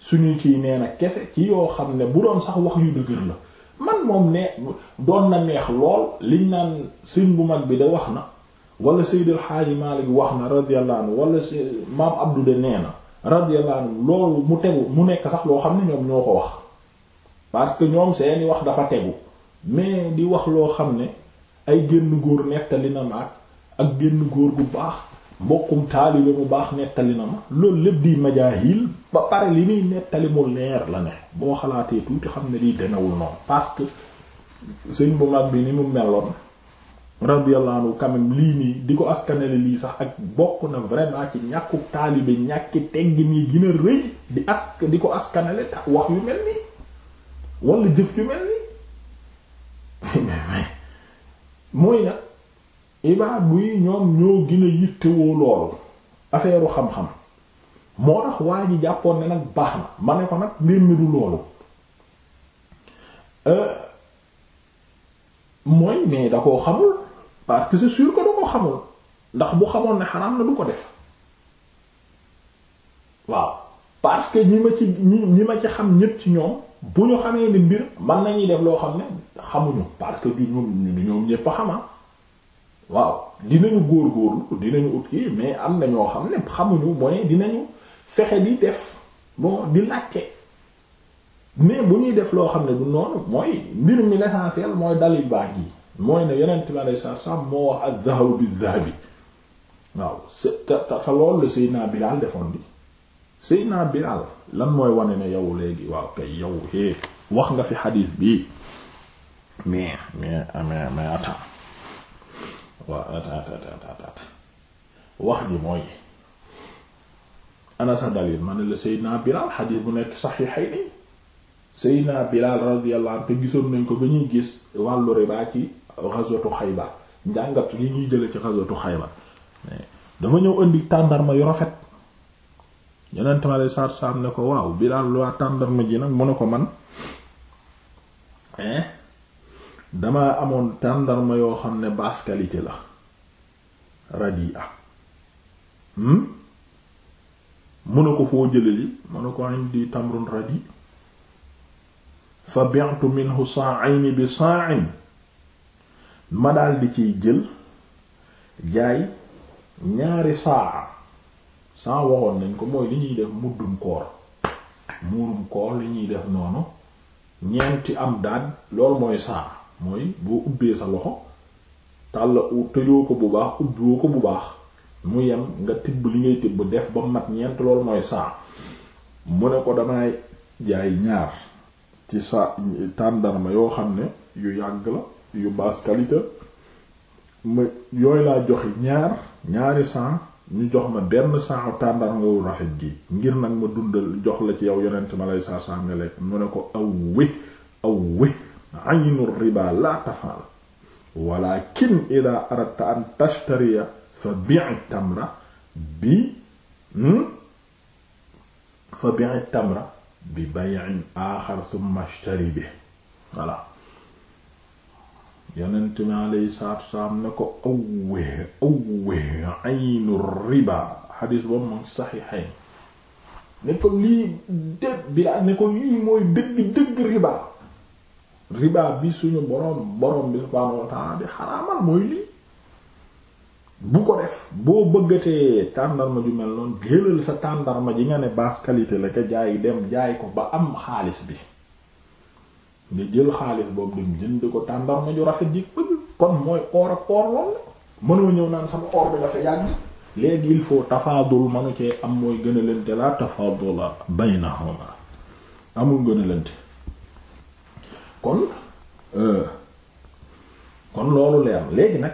suñuy kii nee na kese ci yoo xam ne bu doon sax wax yu dëgër la man moom ne doon na neex lool liñ naan sëñ bu mag bi de wax na wala Seydil Hadji Malick wax na radiyallahu anhu wala maam Abdou de nee na radiyallahu anhu loolu mu tegu mu nekk sax loo xam ne ñoom ñoo ko wax parce que ñoom seeni wax dafa tegu mais di wax loo xam ne ay génn góor nettali na ma ak génn góor gu baax mbokkum taalibe mu baax nettali na ma loolu lépp di majaahil ba pare li muy nettali mu leer la ne boo xalaatee tuuti xam ne lii demewul noonu parce que sëñ bu mag bi ni mu meloon radiyallahu anhu quand lii nii di ko askanale lii sax ak bokk na vraiment ci ñàkku taalibe ñàkki teggin yi gën rëy di ask di ko askanale tax wax yu mel nii wala jëf yu mel nii mooy nag ibaadu yi ñoom ñoo gën yittewoo loolu affaire xam-xam moo tax waa ji jàppoon ne nag baax na ma ko nag mbir mi loolu euh, mooy mais da koo xamul parce que c'est sûr que du ko xamul ndax bu xamoon ne xaraam na du ko def waaw parce que ñi ma ci ñi ma ci xam ñépp ci ñoom bu ñu xamee ni mbir mën nañuy def loo xam ne xamuñu parce que du ñoom du ñoom ah. waaw dinañu góorgóorlu dinañu ut mais am na ñoo xam ne xamuñu mooy dinañu fexe di def bon di laajte mais bu ñuy def loo xam ne du noonu mooy mbir mi l'essentiel mooy yu baax yi mooy ne yeneen time alay saa saa moo wax ak dhahabu bi dhahabi waaw te te loolu la Seydina Bilaal defoon di Seydina Bilaal lan mooy wane ne yow léegi waaw kay yow hee wax nga fi xadiis bi mais mais mais mais attends waaw attends attends attends wax ji mooy ana sa dalil ma ne la Seydina Bilaal xadiis bu nekk saxiixayni Seydina Bilaal radiyallahu anhu te gisoon nañ ko ba ñuy gis wàllu ribaa ci xaswatu Xaybar njàngat li ñuy jële ci xaswatu Xaybar dafa ñëw indi tàndarma yu rafet yeneen ma lay ne ko waaw Bilaal lu waa ji nag mu ne ko man dama amoon tàndarma yoo xam ne basse la radia hmm? mu ko foo jële li mu ne ko indi tamrun radi fa bi'tu minhu sa'ayn bi sa'in ma daldi ciy jël jaay ñaari saa saa waxoon nañ ko mooy li ñuy def muddum koor muurum koor li ñuy def noonu ñeenti am daad loolu mooy saa mooy boo ubbee sa loxo tàll tëjoo ko bu baax ubbiwoo ko bu baax mu yem nga tibb li ngay tibb def ba mat ñeent loolu mooy saa mu ne ko damay jaay ñaar ci saa tàndarma yoo xam ne yu yàgg la yu basse yooyu laa joxe ñaar ñaari sang ñu jox ma benn sangu tàndar rafet gi ngir nag ma dundal jox la ci yow yonent ma lay saa nga lekk mu ne ko awwe awwe aynu riba la tafal walakin ida aradta tashtariya fa bi'i tamra bi hmm? fa bi'i tamra bi bay'in akhar thumma ashtari bi voilà yonent mi alayhi salaatu salaam ne ko awwe awwe aynu riba xadis boobu moom saxiixayn ne ko lii dëgg bi laa ne ko lii mooy dëgg dëgg riba riba bi suñu boroom boroom bi subhaanahu wa ta'aala bi xaraamal mooy lii bu ko def boo bëggatee tàndarma ju mel noonu jëlal sa tàndarma ji nga ne basse qualité la ka jaay dem jaay ko ba am xaalis bi nga jël xaalis boobu dem jënd ko tàndarma ju rafet ji kon mooy or ak or lool mënoo ñëw naan sama or bi dafa yàgg léegi il faut tafaadul manu cee am mooy gën a lente la tafaadula baynahuma amul gën a lente kon euh, kon loolu leer léegi nag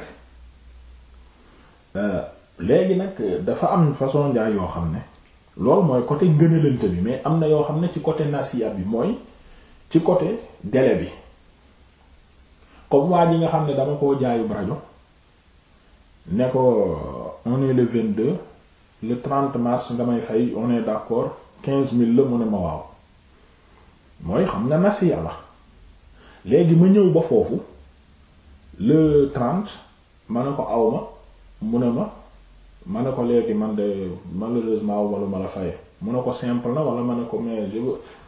euh, léegi nag dafa am façon njaay yoo xam ne loolu mooy côté gën a bi mais am na yoo xam ne ci côté nasiya bi mooy ci côté délai bi comme waa ji nga xam ne dama koo jaayub rajo ne ko on est le 22 le 30 mars nga may fay on est d'accord mille la mu ne ma waaw mooy xam nga nasiya la léegi ma ñëw ba foofu le 30 ma ne ko awma mu ne ma ma ne ko léegi man de malheureusement awma lu ma la faye mu ne ko simple na wala ma ne ko mais je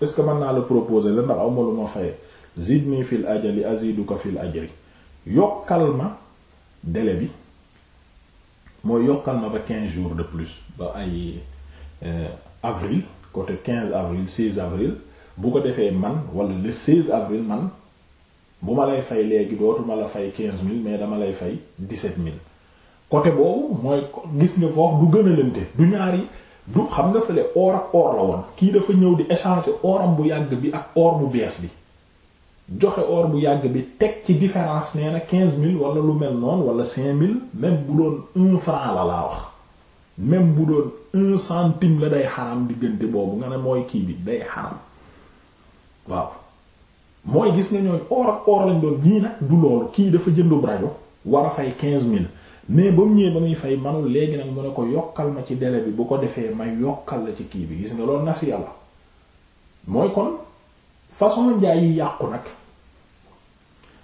est-ce que mën naa la proposer la ndax awma lu ma faye zidni fil ajali ko fil ajri yokkal ma délai bi mooy yokkal ma ba quinze jours de plus ba ay euh, avril côté 15 avril 16 avril bu ko defee man wala le 16 avril man bu ma lay fay léegi ma la fay 15000 mais dama lay fay 17000 côté boobu mooy gis nga foofu du gën du ñaari du xam nga fële or ak or la woon kii dafa ñëw di échanger oram bu yàgg bi ak or bu bees bi joxe or bu yàgg bi teg ci différence nee na quinze mille wala lu mel noonu wala cinq mille même bu doon un franc la laa wax même bu doon un centime la day xaram diggante boobu nga ne mooy kii bi day xaram waaw mooy gis nga ñooy or ak or lañ doon ñii nag du loolu kii dafa jëndub rajo war a fay quinze mille mais ba mu ñëwee ba muy fay manul léegi nag mu ne ko yokkal ma ci délai bi bu ko defee may yokkal la ci kii bi gis nga loolu na si yàlla mooy kon façon njaay yi yàqu nag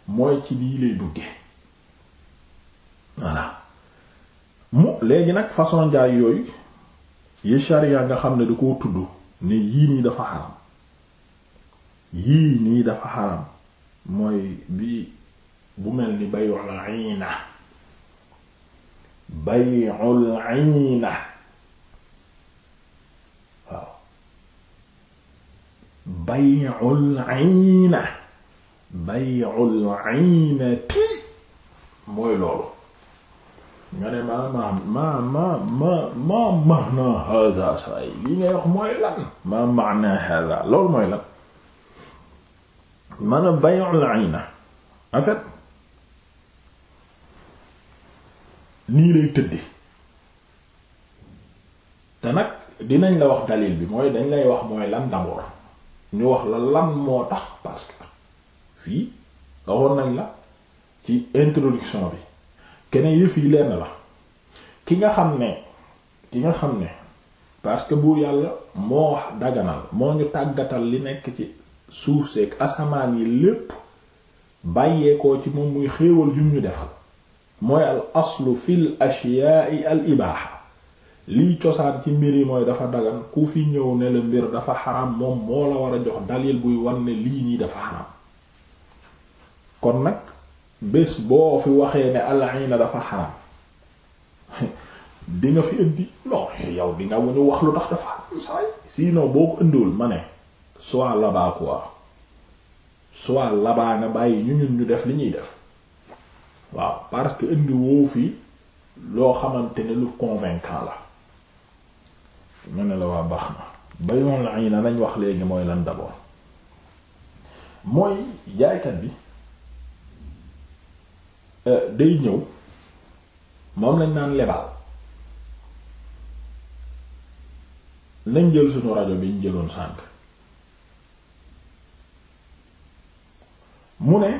mooy ci lii lay dugge voilà mu léegi nag façon njaay yooyu yi sharia nga xam ne da koo tudd ne yii nii dafa xaram yii nii dafa xaram mooy bi bu mel ni bay wala ayina bay'ul ayna waaw bay'ul ayna bay'ul aynati mooy loolu nga ne ma ma ma ma ma ma maana hada say li ngay wax mooy lan ma maana hada loolu mooy lan mana bay'ul ayna en fait nii lay tëdde te nag dinañ la wax dalil bi mooy dañ lay wax mooy lan d'abord ñu wax la lan moo tax parce que fii waxoon nañ la ci introduction bi keneen yëf yi lenn la ki nga xam ne ki nga xam ne parce que buur yàlla moo wax daganal moo ñu tàggatal li nekk ci suuf seeg asamaan yi lépp bàyyeekoo ci moom muy xéewal yum ñu defal mooy al aslu fil ashyaa'i al ibaaha lii cosaan ci mbir yi mooy dafa dagan ku fi ñëw ne la mbir dafa xaram moom moo la war a jox dalil buy wan ne lii nii dafa xaram kon nag bés boo fi waxee ne al-ayna dafa xaram dinga fi indi non yow di nga wuñu wax lu tax dafa xaram saa yi sinon boo ko indiwul ma ne soit labaa quoi labaa nga bàyyi ñu ñun ñu def li ñuy def. waaw parce que indi woo fii loo xamante ne lu convaincant la mu ne la waa baax na bayoon la ay na nañ wax léegi mooy lan d'abord mooy jaaykat bi euh, day ñëw moom lañ naan lebal nañ jël suñu rajo bi ñu jëloon sànk mu ne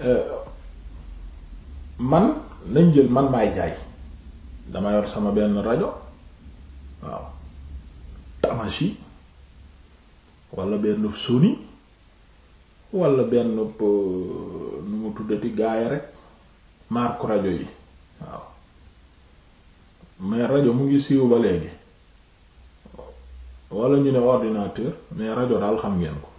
Euh, man nañ jël man maay jaay dama yor sama benn rajo waaw Tamashi wala benn Sony wala benn euh, nu mu tuddati gaaya rek marque rajo yi waaw mais rajo mu ngi siiw ba léegi wala ñu ne ordinateur mais rajo daal xam ngeen ko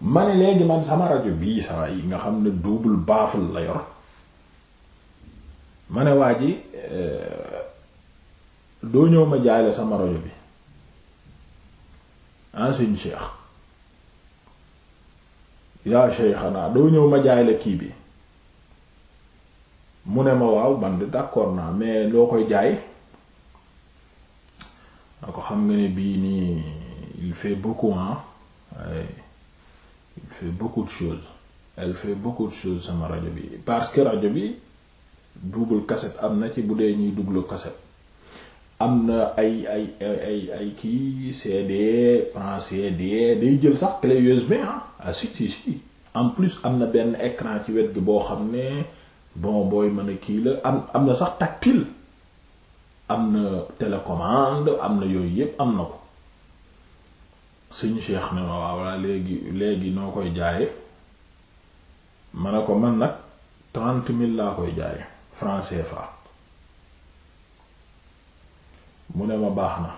ma ne léegi man sama rajo bii saa yi nga xam ne double baffle la yor mane waa ji euh, doo ñëw ma jaay sama rajo bi ah suñu cheikh yaa cheikhana doo ñëw ma jaay kii bi mu ne ma waaw man de d'accord naa mais loo koy jaay na ko xam nga ne bii nii il fait beaucoup ah. fait beaucoup de choses elle fait sama rajo bi parce que rajo bi double cassette am na ci bu dee ñuy double cassette am na ay ay ay ay kii CD en CD day jël sax clé USB ah ah en plus am na benn écran ci wet gi boo xam ne bon booy mën a kii la am am na sax tactile am na télécommande am na yooyu yépp am na ko suñu cheikh ne ma waaw léegi léegi noo koy jaaye ma ne ko man nag trente mille laa koy jaaye français CFA mu ne ma baax na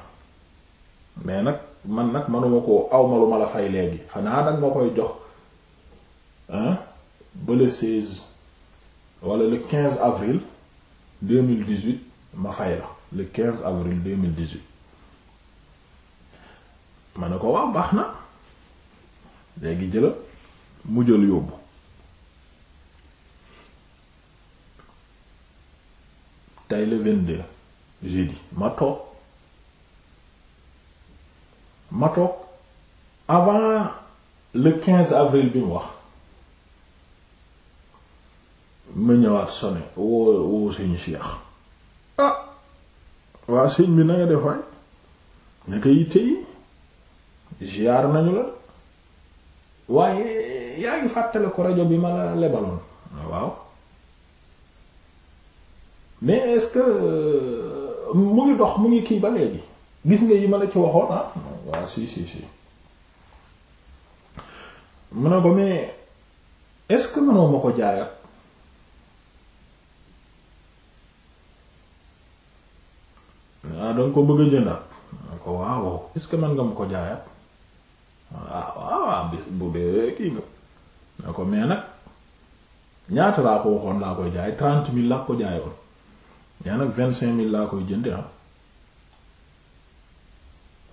mais nag man nag manuma ko awma lu ma la fay léegi xanaa nag ma koy jox hein ba le seize wala le quinze avril deux mille dix-huit ma fay la le quinze avril deux mille dix-huit ma ne ko waaw baax na léegi jëla mu jël yóbbu tey le 22 jeudi ma toog ma toog avant le 15 avril bi mu wax ma ñëwaat sonné woo woo sëñ Cheikh ah waa sëñ bi na nga def waay naka yitte yi ziar nañu la waaye yaa ngi fàttale ko rajo bi ma la lebaloon waaw mais est-ce que euh, mu ngi dox mu ngi kii ba léegi gis nga yi ma la ci waxoon ah waaw si si si mu ne ko mais est-ce ma ko jaayat ah danga ko bëgg a jëndaat ko waaw est-ce que man nga ma ko jaayat waaw ah, waaw waaw bis bu kii nga na ko mais nag ñaata laa ko waxoon laa koy jaay trente mille laa ko jaayoon mais nag vingt cinq mille laa koy jënde ah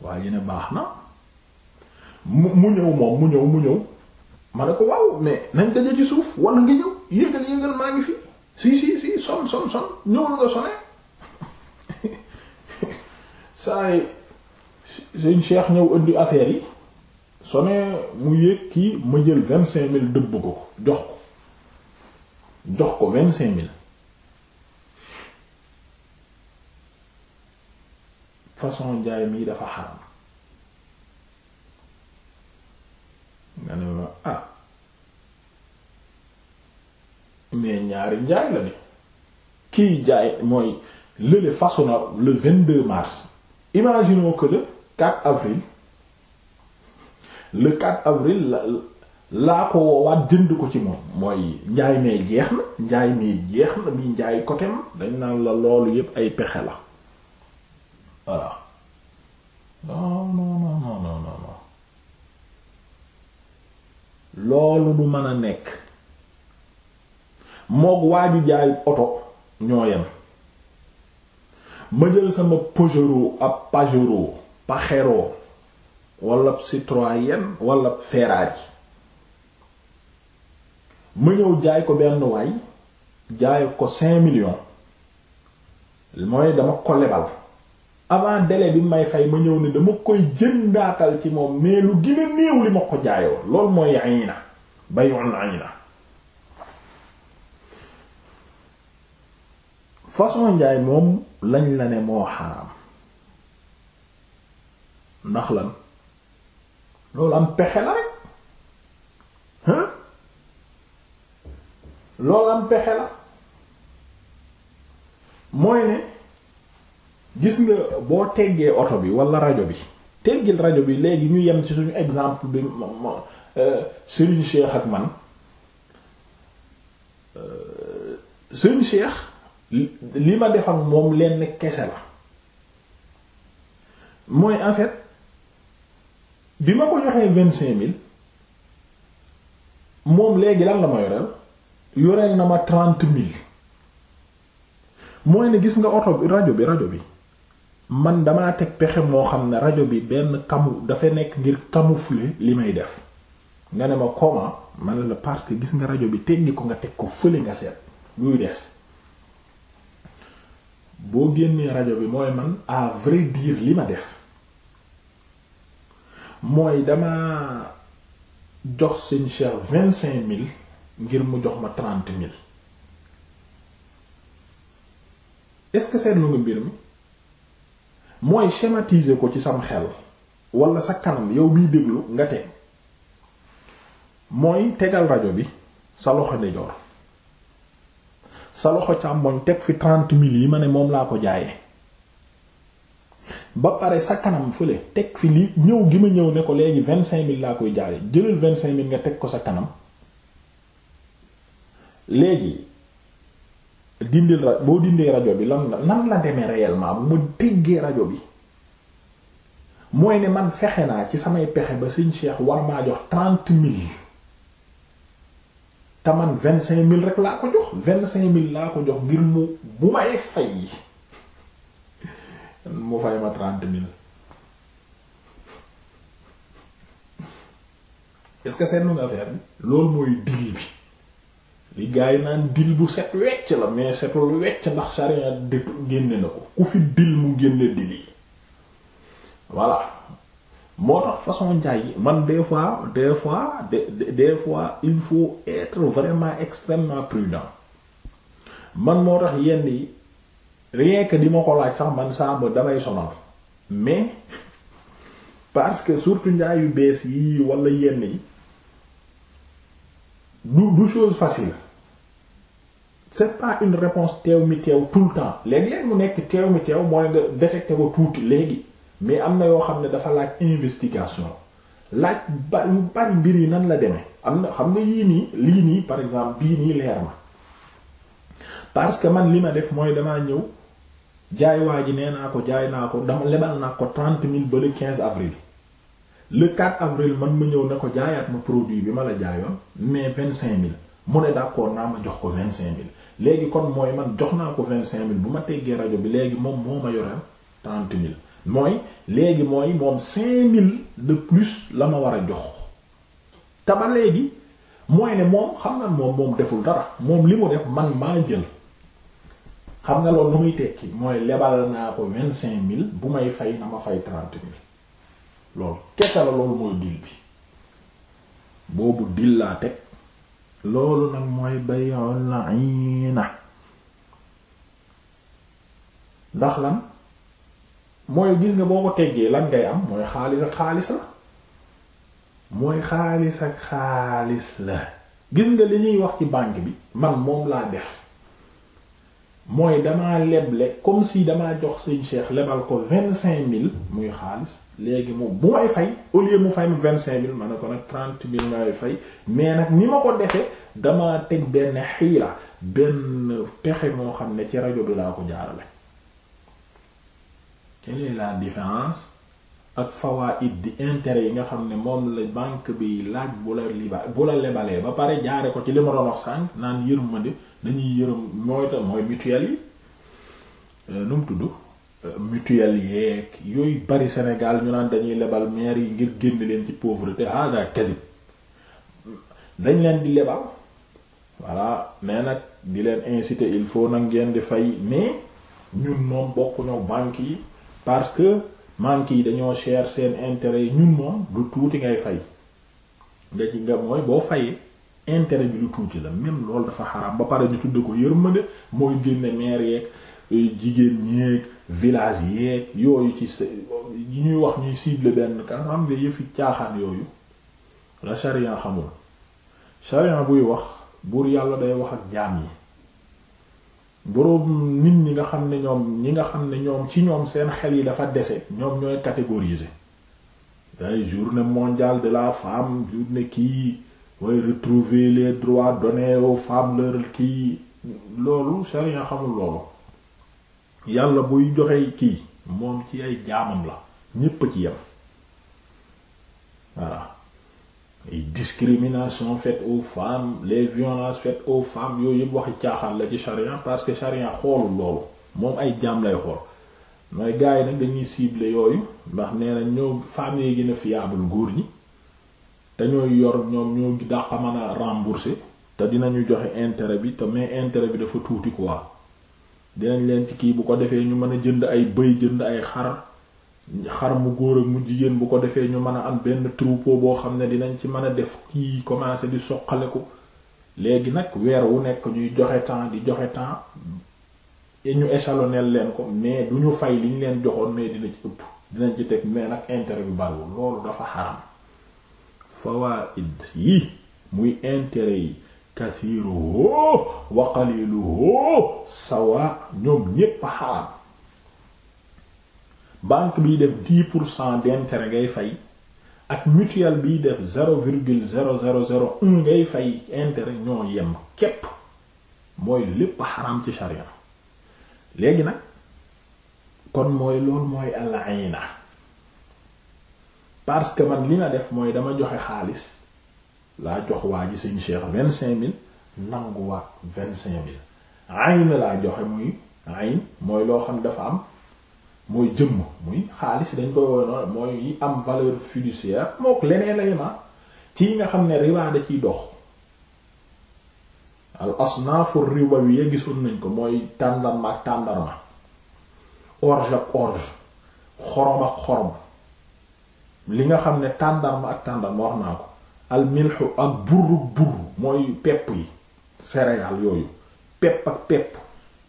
waaye ne baax na mu mu ñëw moom mu ñëw mu ñëw ma ne ko waaw mais nañ daje ci suuf wala nga ñëw yéegal yéegal maa ngi fi si si si son son son ñëwul nga sone saa yi sëñ Cheikh ñëw indi affaire yi so mu yéeg kii ma jël vingt cinq mille dëbb ko jox ko jox ko vingt cinq mille façon jaay mii dafa xaram nga ne ma ah mais ñaari njaay la ne kiy jaay mooy lële façon na le vingt deux mars imaginons que avril le 4 avril la laa ko woowaat jënd ko ci moom mooy njaay mee jeex na njaay mee jeex na mi njaay côté ma dañ naan la loolu yëpp ay pexe la voilà non non non loolu du mën a nekk moog waaju jaay oto ñoo yem ma sama Pajero ab Pajero Pajero wala Citroën wala Ferrari ma ñëw jaay ko benn waay jaay ko cinq million mooy dama ko lebal avant délai bi may fay ma ñëw ne dama koy jëndaatal ci moom mais lu gën a néew li ma ko jaayoo loolu mooy ayna bay'ul ayna façon njaay moom lañ la ne moo xaram ndax lan loolu am pexe la rek loolu am pexe la mooy ne gis nga boo teggee oto bi wala rajo bi teggil rajo bi léegi ñu yem ci suñu exemple bi euh, Serigne Cheikh ak man euh, Serigne Cheikh li ma def ak moom lenn kese la mooy en fait bi ma ko joxee mil moom léegi lan la ma yoreel yoreel na ma trente mille mooy ne gis nga oto rajo bi rajo bi man damaa teg pexe moo xam ne rajo bi benn kamu dafa nekk ngir camoufler li may def nga ne ma comment ma ne la parce que gis nga rajo bi teggi ko nga teg ko fële nga seet yuy des boo génnee rajo bi mooy man à vrai dire li ma def mooy dama jox seen cher vingt cinq mille ngir mu jox ma trente mille est-ce que seetlu nga mbir mi mooy schématiser ko ci sam xel walla sa kanam yow biy déglu nga teg mooy tegal rajo bi sa loxo ndeyjoor sa loxo càmmoñ teg fi trent mille yi ma ne moom laa ko jaayee. ba pare sa kanam fële teg fi li ñëw gi ma ñëw ne ko léegi vingt cinq mille laa koy jaare jëlal vingt cinq mille nga teg ko sa kanam léegi dindil ra boo dindee rajo bi lan nan la demee réellement bu ma déggee rajo bi mooy ne man fexe naa ci samay pexe ba sëñ Cheikh war maa jox trente mille te man vingt cinq mille rek laa ko jox vingt cinq mille laa ko jox ngir mu bu may fay. mu fay ma trente mille est-ce que seetlu nga affaire loolu mooy dil bi li naan dil bu set wecc la mais setul wecc ndax sharia dé génne na ko ku fi dil mu génne dil yi voilà moo tax façon njaay yi man des fois des fois des des fois il faut être vraiment extrêmement prudent man moo tax yenn yi rien que di ma ko laaj sax man saa ma damay sonal mais parce que surtout njaay yu bees yii wala yenn yi du du chose facile c'est pas une réponse teew mi teew tout le temps léegi léeg mu nekk teew mi teew mooy nga ko tuuti léegi mais am na yoo xam ne dafa laaj investigation laaj ba yu bari mbir yi nan la demee am na xam nga yii nii lii nii par exemple bii nii leer ma parce que man li ma def mooy damaa ñëw. jaay waa ji nee naa ko jaay naa ko dama lebal naa ko trente mille ba le quinze avril le 4 avril man ma ñëw ne ko jaayaat ma produit bi ma la jaayoon mais vingt cinq mille mu ne d'accord naa ma jox ko vingt cinq mille léegi kon mooy man jox naa ko vingt cinq mille bu ma teggee rajo bi léegi moom moo ma yoreel trente mille mooy léegi mooy moom cinq mille de plus la ma war a jox te ba léegi mooy ne moom xam na moom moom deful dara moom li mu def man maa jël. xam nga loolu lu muy tekki mooy lebal naa ko vingt cinq mille bu may fay na ma fay trente mille loolu kese la loolu mooy dil bi boobu dil laa teg loolu nag mooy bay'ul na ndax lan mooy gis nga boo ko teggee lan ngay am mooy xaalis ak xaalis la mooy xaalis ak xaalis la gis nga li ñuy wax ci banque bi man moom laa def mooy damaa leble comme si damaa jox sëñ Cheikh lebal ko vingt cinq mille muy xaalis léegi mu bu may fay au lieu mu fay mu vingt cinq mille ma ne ko nag trente mille ngay fay mais nag ni ma ko defee damaa teg benn xiila benn pexe moo xam ne ci rajo bi laa ko jaarale. quelle est différence ak fawaid di intérêt yi nga xam ne moom la banque bi laaj bu la liba bu la lebalee ba pare jaare ko ci li ma doon wax sànq naan yërmande dañuy yërëm mooy ta mooy mutuelle yi euh, nu mu tudd euh, mutuelle yeeg yooyu bari Sénégal ñu naan dañuy lebal maire yi ngir génn leen ci pauvreté hada kadib dañ leen di lebal voilà mais nag di leen incité il faut nag ngeen di fay mais ñun moom bokk ñoo banque yi parce que manque yi dañoo cher seen intérêt yi ñun moom du tuuti ngay fay nga nga mooy boo fayee intérêt bi lu tuuti la même lool dafa xaraam ba pare ñu tudd ko yërmande mooy génne maire yeeg euh, jigéen ñeeg village yeeg yooyu ci yi ñuy wax ñuy cible benn ka xam nga yëfi caaxaan yooyu la sharia xamul sharia buy wax buur yàlla day wax ak jaam yi boroom nit ñi nga xam ne ñoom ñi nga xam ne ñoom ci ñoom seen xel yi dafa dese ñoom ñooy catégoriser ay journée mondiale de la femme journée kii way retrouver les droits donnés aux femmes leur kii loolu sharia xamul loolu yàlla buy joxe kii moom ci ay jaamam la ñépp a ci yem voilà discrimination discriminations faites aux femmes les violences faites aux yooyu yëpp waxi caaxaan la ci charia parce que charia xoolul loolu moom ay jaam lay xool mooy gars yi nag dañuy cibler yooyu ndax nee na ñoo femmes yi gën a fiable góor ñi te ñooy yor ñoom ñoo dàq mën a rembourser te dinañu joxe intérêt bi te mais intérêt bi dafa tuuti quoi dinañ leen ci kii bu ko defee ñu mën a jënd ay bëy jënd ay xar. xar mu góor ak mu jigéen bu ko defee ñu mën a am benn troupeau boo xam ne dinañ ci mën a def kii commencé di ko léegi nag weer wu nekk ñuy joxe temps di joxe temps et ñu échelonel leen ko mais du ñu fay leen joxoon mais dina ci ëpp dinañ ci teg mais nag intérêt bi bariwul loolu dafa xaram fawaid yi muy intérêt yi kasiiruhu wa qaliluhu sawa ñoom ñépp xaram banque biy def di pour cent d'intérêt ngay fay ak mutuelle biy def zéro virgule zéro zéro zéro un ngay fay intérêt ñoo yem képp mooy lépp xaram ci sharia léegi nag kon mooy loolu mooy al-ayna parce que man li ma def mooy dama joxe xaalis laa jox waa ji sëñ Cheikh vingt cinq mille nanguwaat vingt cinq mille ayn laa joxe muy ayn mooy loo xam dafa am mooy jëmm muy xaalis dañ koy woowe noonu mooy yi am valeur fiduciaire mook leneen la yema ah, ci yi nga xam ne riba da ciy dox al asnaafu ribawiya gisoon nañ ko mooy tàndarma ak tàndarma li nga xam ne tàndarma ak tàndarma wax naa ko al ak burru burru mooy pepp yi céréales yooyu pepp ak pepp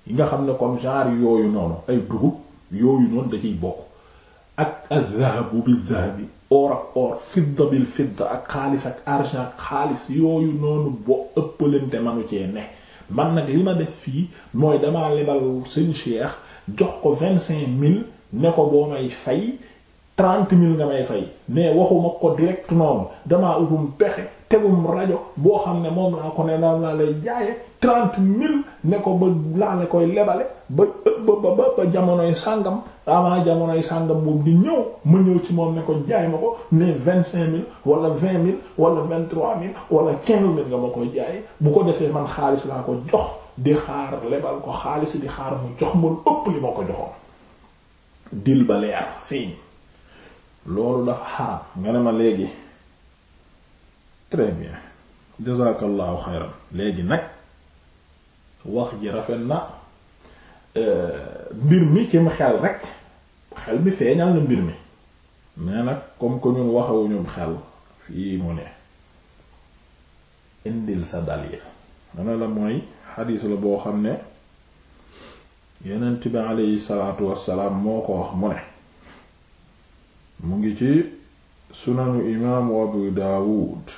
yi nga xam ne comme genre yooyu noonu ay dugub yooyu noonu da ciy bokk ak az-zahabu biz-zahabi or ak or fidda bil fidda ak xaalis ak argent ak xaalis yooyu noonu boo ëppalante manu cee ne man nag li ma def fii mooy damaa lebal seen cheikh jox ko vingt cinq mille ne ko boo may fay trente mille nga may fay mais waxuma ko direct noonu damaa utum pexe tegum rajo boo xam ne moom laa ko ne moom laa lay jaaye trente mille ne ko ba laa la koy lebale ba ba ba jamonoy sàngam avant jamonoy sàngam bu di ñëw ma ñëw ci moom ne ko jaay ma ko ne vingt cinq mille wala vingt mille wala vingt trois mille wala quinze mille nga ma koy jaaye bu ko defee man xaalis laa ko jox di xaar lebal ko xaalis di xaar mu jox ma ëpp li ma ko joxoon dil ba leer feeñ loolu dafa xaram nga ne léegi très bien jazakallahu xayran léegi nag wax ji rafet na euh, mbir mi cim xel rek xel mi feeñal na mbir mi mais nag comme que ñun waxewu xel fii mu ne indil sa dalil dana la mooy xadiis la boo xam ne yeneen bi aleyhi salaatu wassalaam moo ko wax mu ne mu ngi ci sunanu imaamu abu daawud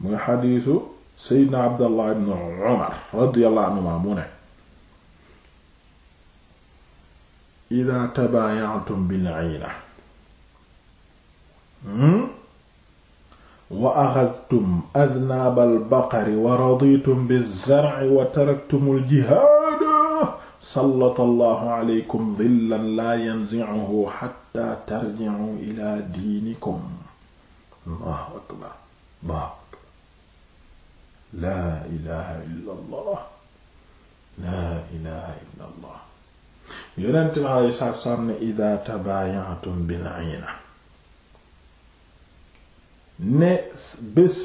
muy xadiisu seydna abdallah ibn umar radiyallahu anhuma mu ne ida tabayantum bil ayna hmm, wa axadtum adnaabal baqari wa raditum bizzar'i wa taraktumul jihaad sallallahu alaykum dhillan laa yanzi'uhu hatta tarji'u ila diinikum allahu akbar laa ilaha illa allah laa ilaha illa allah yonent bi alayhi salaatu ne ida tabayantum bil ayna ne bés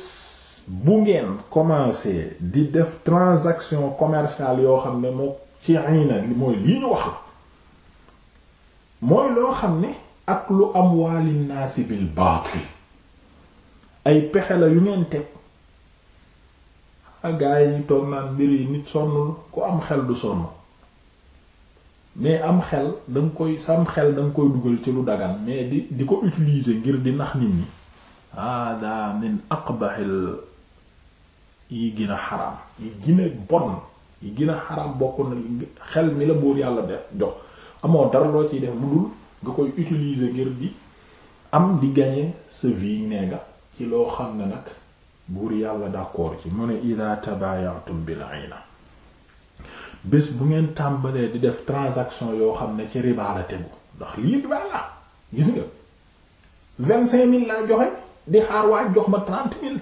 bu ngeen commencé di def transaction commercial yoo xam ne moo ci ayna mooy lii ñu wax mooy loo xam ne ak lu amwaali naasi bil baatil ay pexe la yu ngeen ak ah, gaa yi toog naan mbir yi nit sonnul ku am xel du sonn mais am xel danga koy sam xel danga koy dugal ci lu dagan mais di di ko utiliser ngir di nax nit ñi hada min aqbahil yi gën a xaraam yi gën a bon yi gën a xaraam bokk na xel mi la buur yàlla def jox amoo dara loo ciy def lu dul nga koy utiliser ngir di am di gagner sa vie nee ci loo xam ne nag buur yàlla d'accord ci mu ne ida tabayatum bil ayna bés bu ngeen tàmbalee di def transaction yoo xam ne ci riba la tegu ndax lii riba la gis nga vingt-cinq mill laa joxe di xaar waa jox ma trente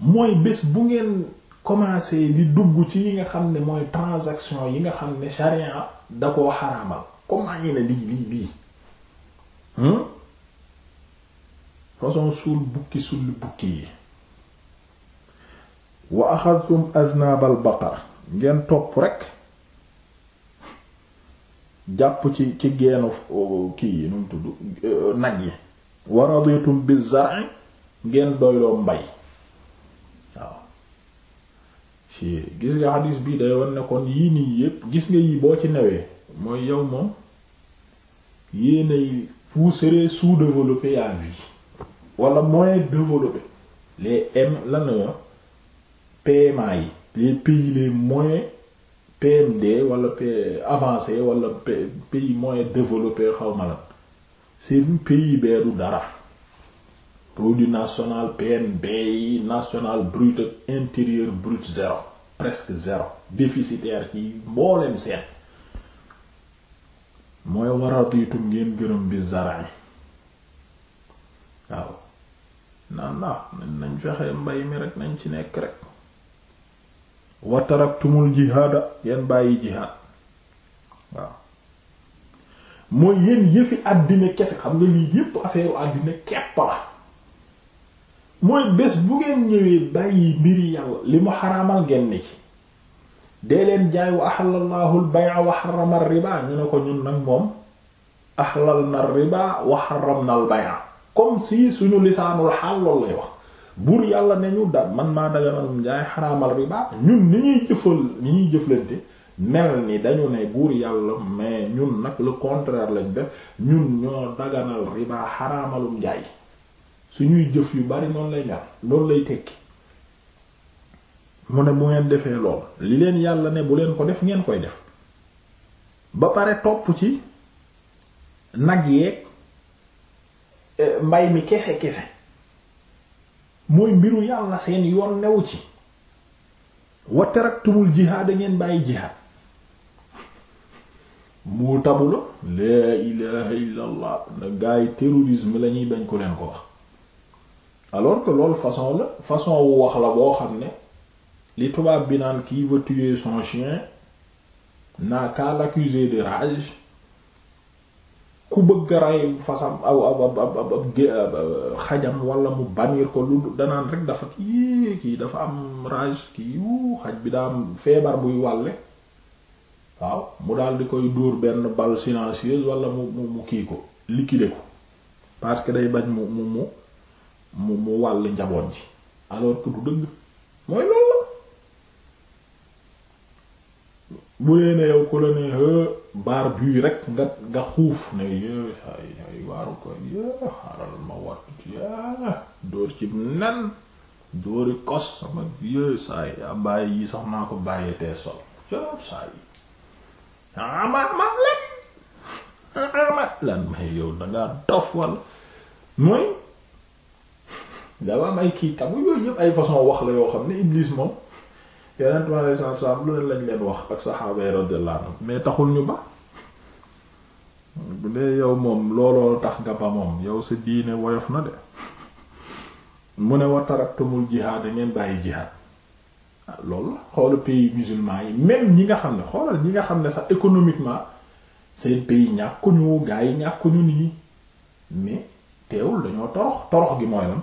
mooy bés bu ngeen commencé di dugg ci yi nga xam ne mooy transaction yi nga xam ne charia da koo xaraamal comme maa ngi ne lii lii lii hmm? façon suul bukki sulli bukki yi wa aznabal baqar ngeen topp rekk jàpp ci ci geenu kii yi nu mu tudd nag yi wa raditum bizar'i ngeen doyloo mbay waaw ci gis nga xadiis bii day war ne kon yii nii yépp gis nga yii boo ci newee mooy yow moom yéenay vous serez sous-développé à vie wala moins développés les M lan la PMA yi les pays les moins PMD wala pays avancé wala pays moins développé xaw ma lan seen pays beedu dara produit national PNB yi national brut ak intérieur brut zéro presque zéro déficitaire ci mboolem seen mooy waratiitum ngeen gërëm bi zarañ waaw naan ah, naa nañ fexe mbay mi rek nañ ci nekk rek wa taraktumul jihaada yeen bàyyi jihaad waaw mooy yéen yëfi àddina kese xam nga lii yépp affaire àddina kepp la mooy bés bu ngeen ñëwee bàyyi mbiri yàlla li mu xaraamal ngeen ni ci dee leen jaay wa axalallaahu al-bay'a wa ñu ne ko ñun nag moom axlal na ar-riba na al comme si suñu lisaanul xaal loolu lay wax buur yàlla ne ñu da man maa daganalum njaay xaramal riba ñun ni ñuy jëfal ni ñuy jëflante mel ni dañu ne buur yàlla mais ñun nag lu contraire lañ def ñun ñoo daganal riba xaraamalum njaay suñuy jëf yu bari noonu lay mel loolu lay tekki mu ne bu ngeen defee lool li leen yàlla ne bu leen ko def ngeen koy def ba pare topp ci nag yeeg mbay mi kese kese mooy mbiru yàlla seen yoon newu ci wa taraktumul jihaad ngeen bàyyi jihaad mu tabu la laa ilaha illa allah na gars yi la ñuy bañ ko leen ko wax alors que loolu façon la façon wu wax la boo xam ne li tubaab bi naan qui veut tuer son chien n'a qu'à l'accuser de rage ku bëgg a rey fasam aw ab ab ab ab xajam wala mu baniir ko lu danaan rek dafa kii kii dafa am rage kii wu xaj bi daa feebar buy wàlle waaw mu daal di koy dóor benn balle silencieuse wala mu mu mu kii ko liquider ko parce day bañ mu mu mu mu mu njaboot ji alors que du dëgg mooy loolu la bu dee ku la ne baar bii rek nga nga xuuf ne yé ay ay waaru ko yé xaaral ma wattu ya ah, dóor ci nen dóori kos sama yé saa yi abbaay yi sax naa ko bàyyee tee sol coob saa yi amat mat lan amat yow dangaa dof walla mooy dafa am ay kii tamu yooyu yëpp ay façon wax la yoo xam ne Iblis moom yeneen trois cent soixante lu ne lañ leen wax ak saxaaba yi radiyallahu anhum mais taxul ñu ba bu dee yow moom looloo tax nga ba moom yow si diine woyof na de mu ne wa taraktumul jihaad ngeen bàyyi jihaad ah, loolu la xoolal pays musulman yi même ñi nga xam ne xoolal ñi nga xam ne sax économiquement seen pays ñàkkuñu gaa yi ñàkkuñu nii mais teewul dañoo torox torox gi mooy lan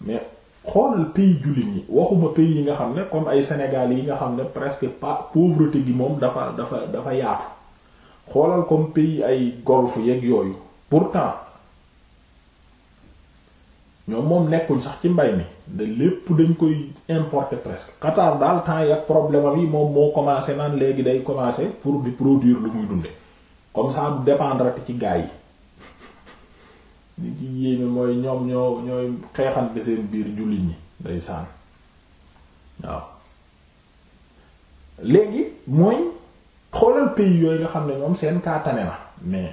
mais. xoolal pays jullit ñi waxuma pays yi nga xam ne comme ay Sénégal yi nga xam ne presque pas pauvreté gi moom dafa dafa dafa yaatu xoolal comme pays ay golfe yeeg yooyu temps ñoom moom nekkul sax ci mbay mi da lépp dañ koy importer presque Qatar daal temps yi ak problème yi moom moo commencé naan léegi day commencé pour di produire lu muy dunde comme ça du dépendre ci gaay yi li ci yéeme mooy ñoom ñoo ñooy xeexante seen biir jullit ñi day saan waaw léegi mooy xoolal pays yooyu nga xam ne ñoom seen kaatane na mais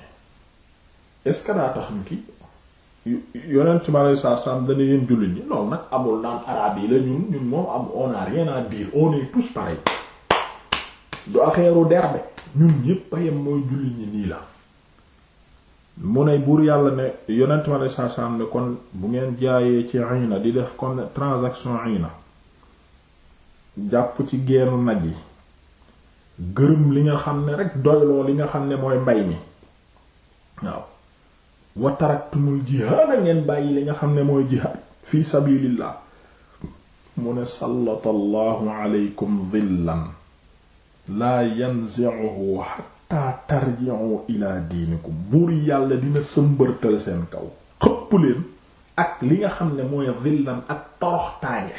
est-ce que daa tax ñu ki yonent mi aleyhi salaatu salaam dana yéen jullit ñi loolu nag amul naan araab yi la ñun ñun moom am on a rien à dire on est tous du affaire u der ñun ñépp a yem mooy jullit ñi nii la mu ne buur yàlla ne yonent ma lay sarsaan ne kon bu ngeen jaayee ci ayna di def kon transaction ayna jàpp ci geenu nag yi gërëm li nga xam ne rek doyloo li nga xam ne mooy mbay mi waaw wa taraktumul jihaada ngeen bàyyi li nga xam ne mooy jihaad fi sabilillah mu ne sallata allahu aleykum dhillan laa yanzi'uhu xatta tarji'u ila diinikum buur yàlla dina sëmbërtal seen kaw xëpp leen ak li nga xam ne mooy villan ak toroxtaange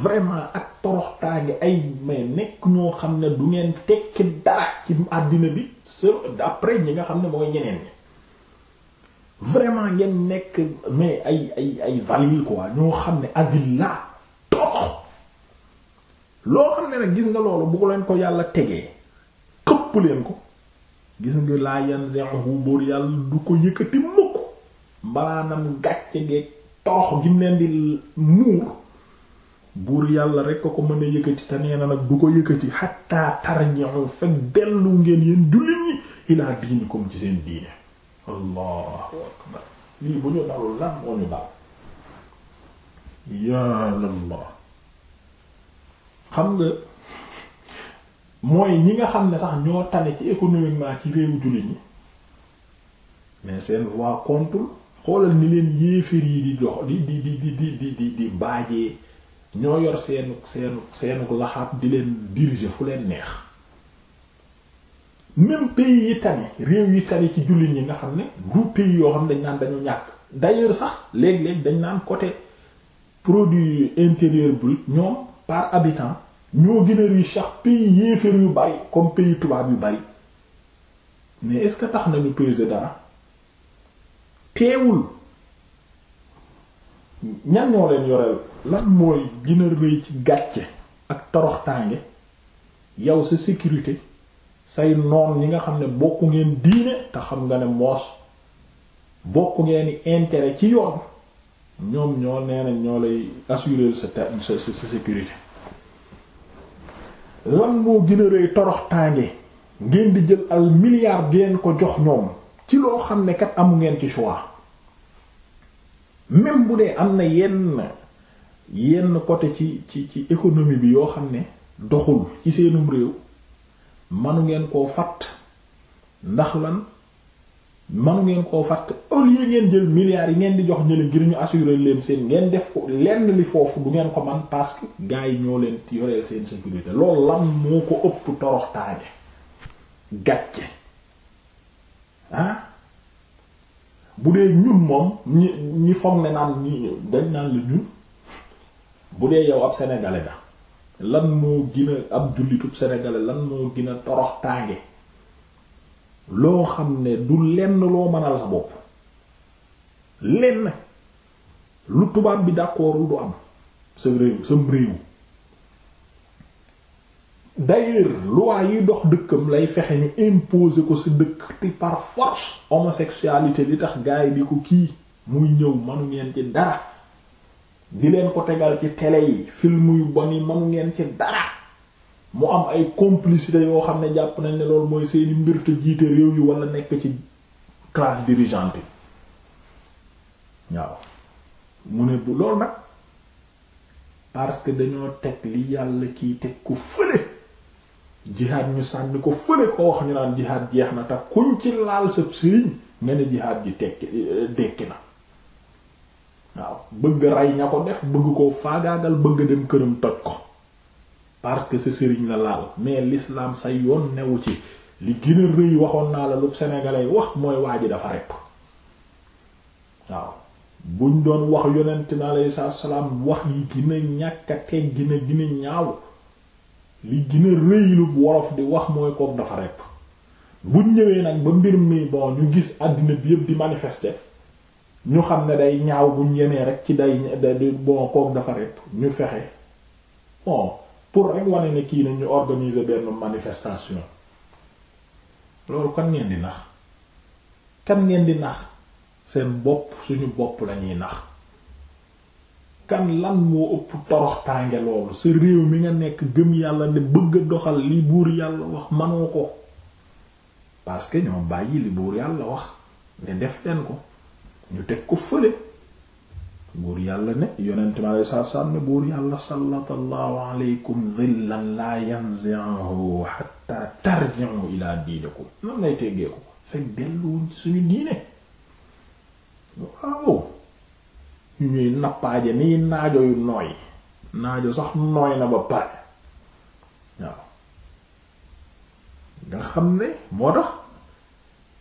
vraiment ak toroxtaange ay may nekk ñoo xam ne du ngeen tekki dara ci àddina bi se après ñi nga xam ne mooy ñeneen ñi vraiment ngeen nekk mais ay ay ay valil quoi ñoo xam ne adilla torox loo xam ne nag gis nga loolu bu ko leen ko yàlla tegee yokku leen ko gis nga laa yanzi'uhu buur yàlla du ko yëkkati mukk mbalaanam gàcce geeg torox gi mu leen di muur buur yàlla rekk ko ko mën a yëkkati te nee nag du ko yëkkati hatta tarji'u fekk dellu ngeen yéen jullit ñi ilaa diinikum ci seen diine allahu akbar lii bu ñu dalul lan moo ñu dal yaa Allah xam nga mooy ñi nga xam ne sax ñoo tane ci économiquement ci réewu jullit ñi mais seen voix compte xoolal ni leen yéeféer yi di dox di di di di di di di di baajee ñoo yor seenu seenu seenuk laxaab di leen diriger fu leen neex même pays yi tane réew yi tane ci jullit ñi nga xam ne du pays yoo xam ne dañ naan dañu ñàkk d'ailleurs sax léeg-léeg dañ naan côté produit intérieur brut ñoom par habitant ñoo gën a riche sax pays yéeféer yu bari comme pays tubaab yu bari mais est-ce que tax nañu peser dara teewul ñan ñoo leen yoreel lan mooy gën a ci gàcce ak toroxtaange yow sa sécurité say noon ñi nga xam ne bokk ngeen diine te xam nga ne moos bokku ngeen intérêt ci yoon ñoom ñoo nee ñoo lay assurer sa sa sa sécurité lan moo gën a rëy torox tànge ngeen di jël al milliard di leen ko jox ñoom ci loo xam ne kat amu ngeen ci choix même bu dee am na yenn yenn côté ci ci ci économie bi yoo xam ne doxul ci seenum réew manu ngeen koo fatt ndax lan manu ngeen koo fàtte au lieu ngeen jël milliards yi ngeen di jox ñële ngir ñu assurer leen seen ngeen def ko lenn li foofu du ngeen ko man parce que yi ñoo leen yoreel seen sécurité lool lan moo ko ëpp toroxtaange gàcce ah bu dee ñun moom ñi ñi foog ne naan ñi dañ naan la ñun bu dee yow ab sénégalais da lan moo gën a ab jullitub sénégalais lan moo gën a toroxtaange loo xam ne du lenn loo mënal sa bopp lenn lu tubaab bi d'accordul du am sa réew sam réew d'ailleurs loi yi dox dëkkam lay fexe ñu imposer ko ci dëkk te par force homosexualité tax gaay bi ko kii muy ñëw manu ngeen ci dara di leen ko tegal ci tele yi film yu bon yi manu ngeen ci dara mu am ay complicité yoo xam ne jàpp nañ ne loolu mooy seeni mbir te jiite réew yi wala nekk ci classe dirigeante waaw mu ne bu loolu nag parce que dañoo teg li yàlla kiy teg ko fële jihaad ñu sànni ko fële ko wax ñu naan jihaad jeex na te kuñ ci laal sab sëriñ nga ne jihaad ji tekki euh, dekki na waaw bëgg rey ña ko def bëgg koo faagaagal bëgg dem këram toj ko parce que sa sëriñ la laal mais lislaam sa yoon newu ci li gën a rëy waxoon naa la lu sénégalais wax mooy waa ji dafa rep waaw buñ doon wax yonent bi aleyhi salaatu salaam wax yi gën a ñàkk a teg gën a ñaaw li gën a rëy lu wolof di wax mooy kook dafa rep buñ ñëwee nag ba mbir mi bon ñu gis àddina bi yëpp di manifester ñu xam ne day ñaaw buñ yemee rek ci day bon kook dafa rep ñu fexe pour rek wane ne kii nañ ñu organiser benn manifestation loolu kan ngeen di nax kan ngeen di nax seen bopp suñu bopp lañuy nax kan lan moo ëpp torox tànge loolu sa réew mi nga nekk gëm yàlla ne bëgg a doxal li buur yàlla wax manoo ko parce que ñoo bàyyi li buur yàlla wax ne def leen ko ñu teg ko fële buur yàlla ne yonent ma lay saa saam ne buur yàlla sallallahu alaykum dhillan laa yanzi'uhu hatta tarji'u ila diinikum nan lay teggee ko fekk delluwuñ suñu diine waaw ñu ñuy nappaaje nii naajo yu nooy naajo sax nooy na ba pare waaw nga xam ne moo tax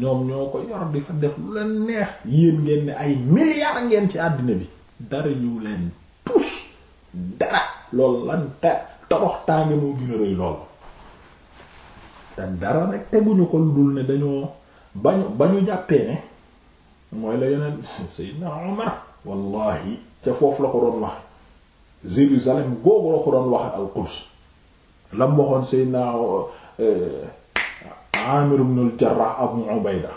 ñoom ñoo ko yor di fa def lu leen neex yéen ngeen ni ay milliards ngeen ci àddina bi dara ñu leen tus dara loolu lan te toroxtaange moo gën rëy lool te dara nag teguñu ko dul ne dañoo bañu bañu jàppee ne mooy la yeneen Seydina Omar wallahi ca foofu la ko doon wax Jérusalem googu ko doon wax al Quds lam waxoon Seydina euh, Amir ibn al-Jarrah Abu Ubayda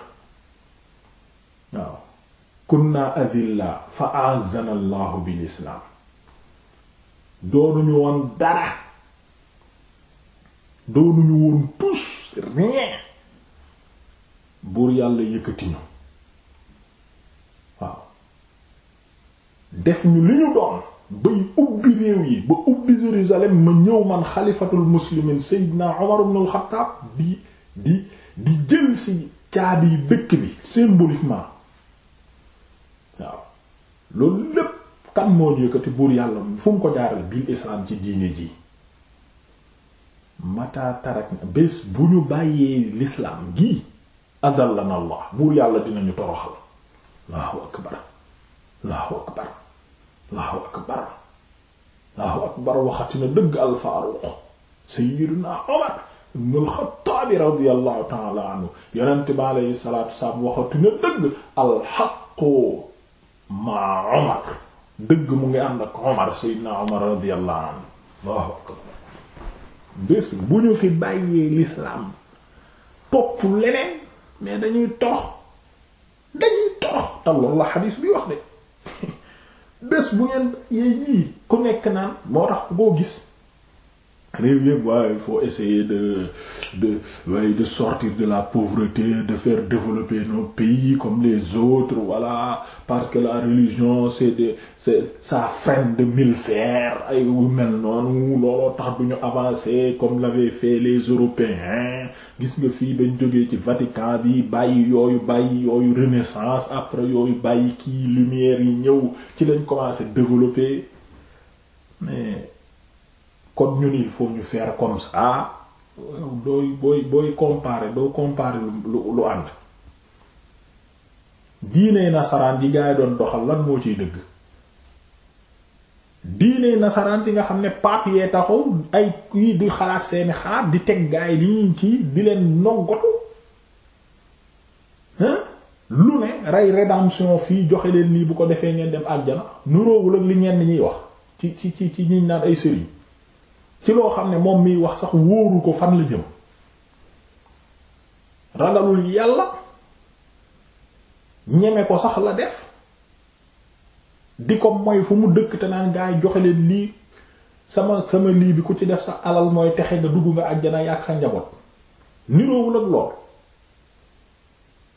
waaw kunna adilla fa a'azzana Allahu bil islaam doonuñu woon dara doonuñu woon tous rien buur yàlla yëkkatiñu waaw def ñu li ñu doon bay ubbi réew yi ba ubbi Jérusalem ma ñëw man xalifatul muslimin Seydina Umar ibn al di di jël ci caabi dëkk bi symboliquement waaw loolu lépp kan moo yëkkati buur yàlla fu mu ko jaaral bil islaam ci diine ji mata tarak na bés bu ñu bàyyee lislaam gi adallana allah buur yàlla dinañu toroxal allahu akbar allahu akbar allahu akbar allahu akbar waxatina dëgg alfaaruq sayyiduna omar ibn al-Xattaab radiyallahu ta'ala anhu yonent bi alayhi salaatu wasalaam waxatu na dëgg al-haqqu ma Umar dëgg mu ngi ànd ak Umar Seydina Umar radiyallahu anhu Allahu akbar bés bu ñu fi bàyyee l'islam topp leneen mais dañuy tox dañuy tox te loolu la xadiis bi wax de bés bu ngeen yee yii ku nekk naan moo tax ku koo gis réew yëpp waaye il faut essayer de de waaye de sortir de la pauvreté de faire développer no pays comme les autres voilà parce que la religion c'est de c'est ça freine de mille fers ay yu mel noonu looloo tax duñu avancé comme l'avaient fait les Européens gis nga fii dañ jógee ci Vatican bi bàyyi yooyu bàyyi yooyu renaissance après yooyu bàyyi kii lumière yi ñëw ci lañ commencer développer kon ñun il faut ñu faire comme ça ah, dooy booy booy comparer doo comparer lu lu ànd diiney nasaraan ji gaa lan moo ciy dëgg diiney nasaraan ci nga xam ne pape yee taxaw ay kii di xalaat seeni xalaat di teg gaa yi li ñuy kii di leen noggatu lu ne rey rédemption fii joxe leen lii bu ko defee ngeen dem àjjana nuroowul ak li ñenn ñuy wax ci ci ci ci naan ay sëriñ ci loo xam ne moom miy wax sax wóoru ko fan la jëm ragalul yàlla ñeme ko sax la def di ko mooy fu mu dëkk te naan gaa yi joxe leen lii sama sama lii bi ku ci def sa alal mooy texe nga dugg nga yi ak sa njaboot niroowul ak lool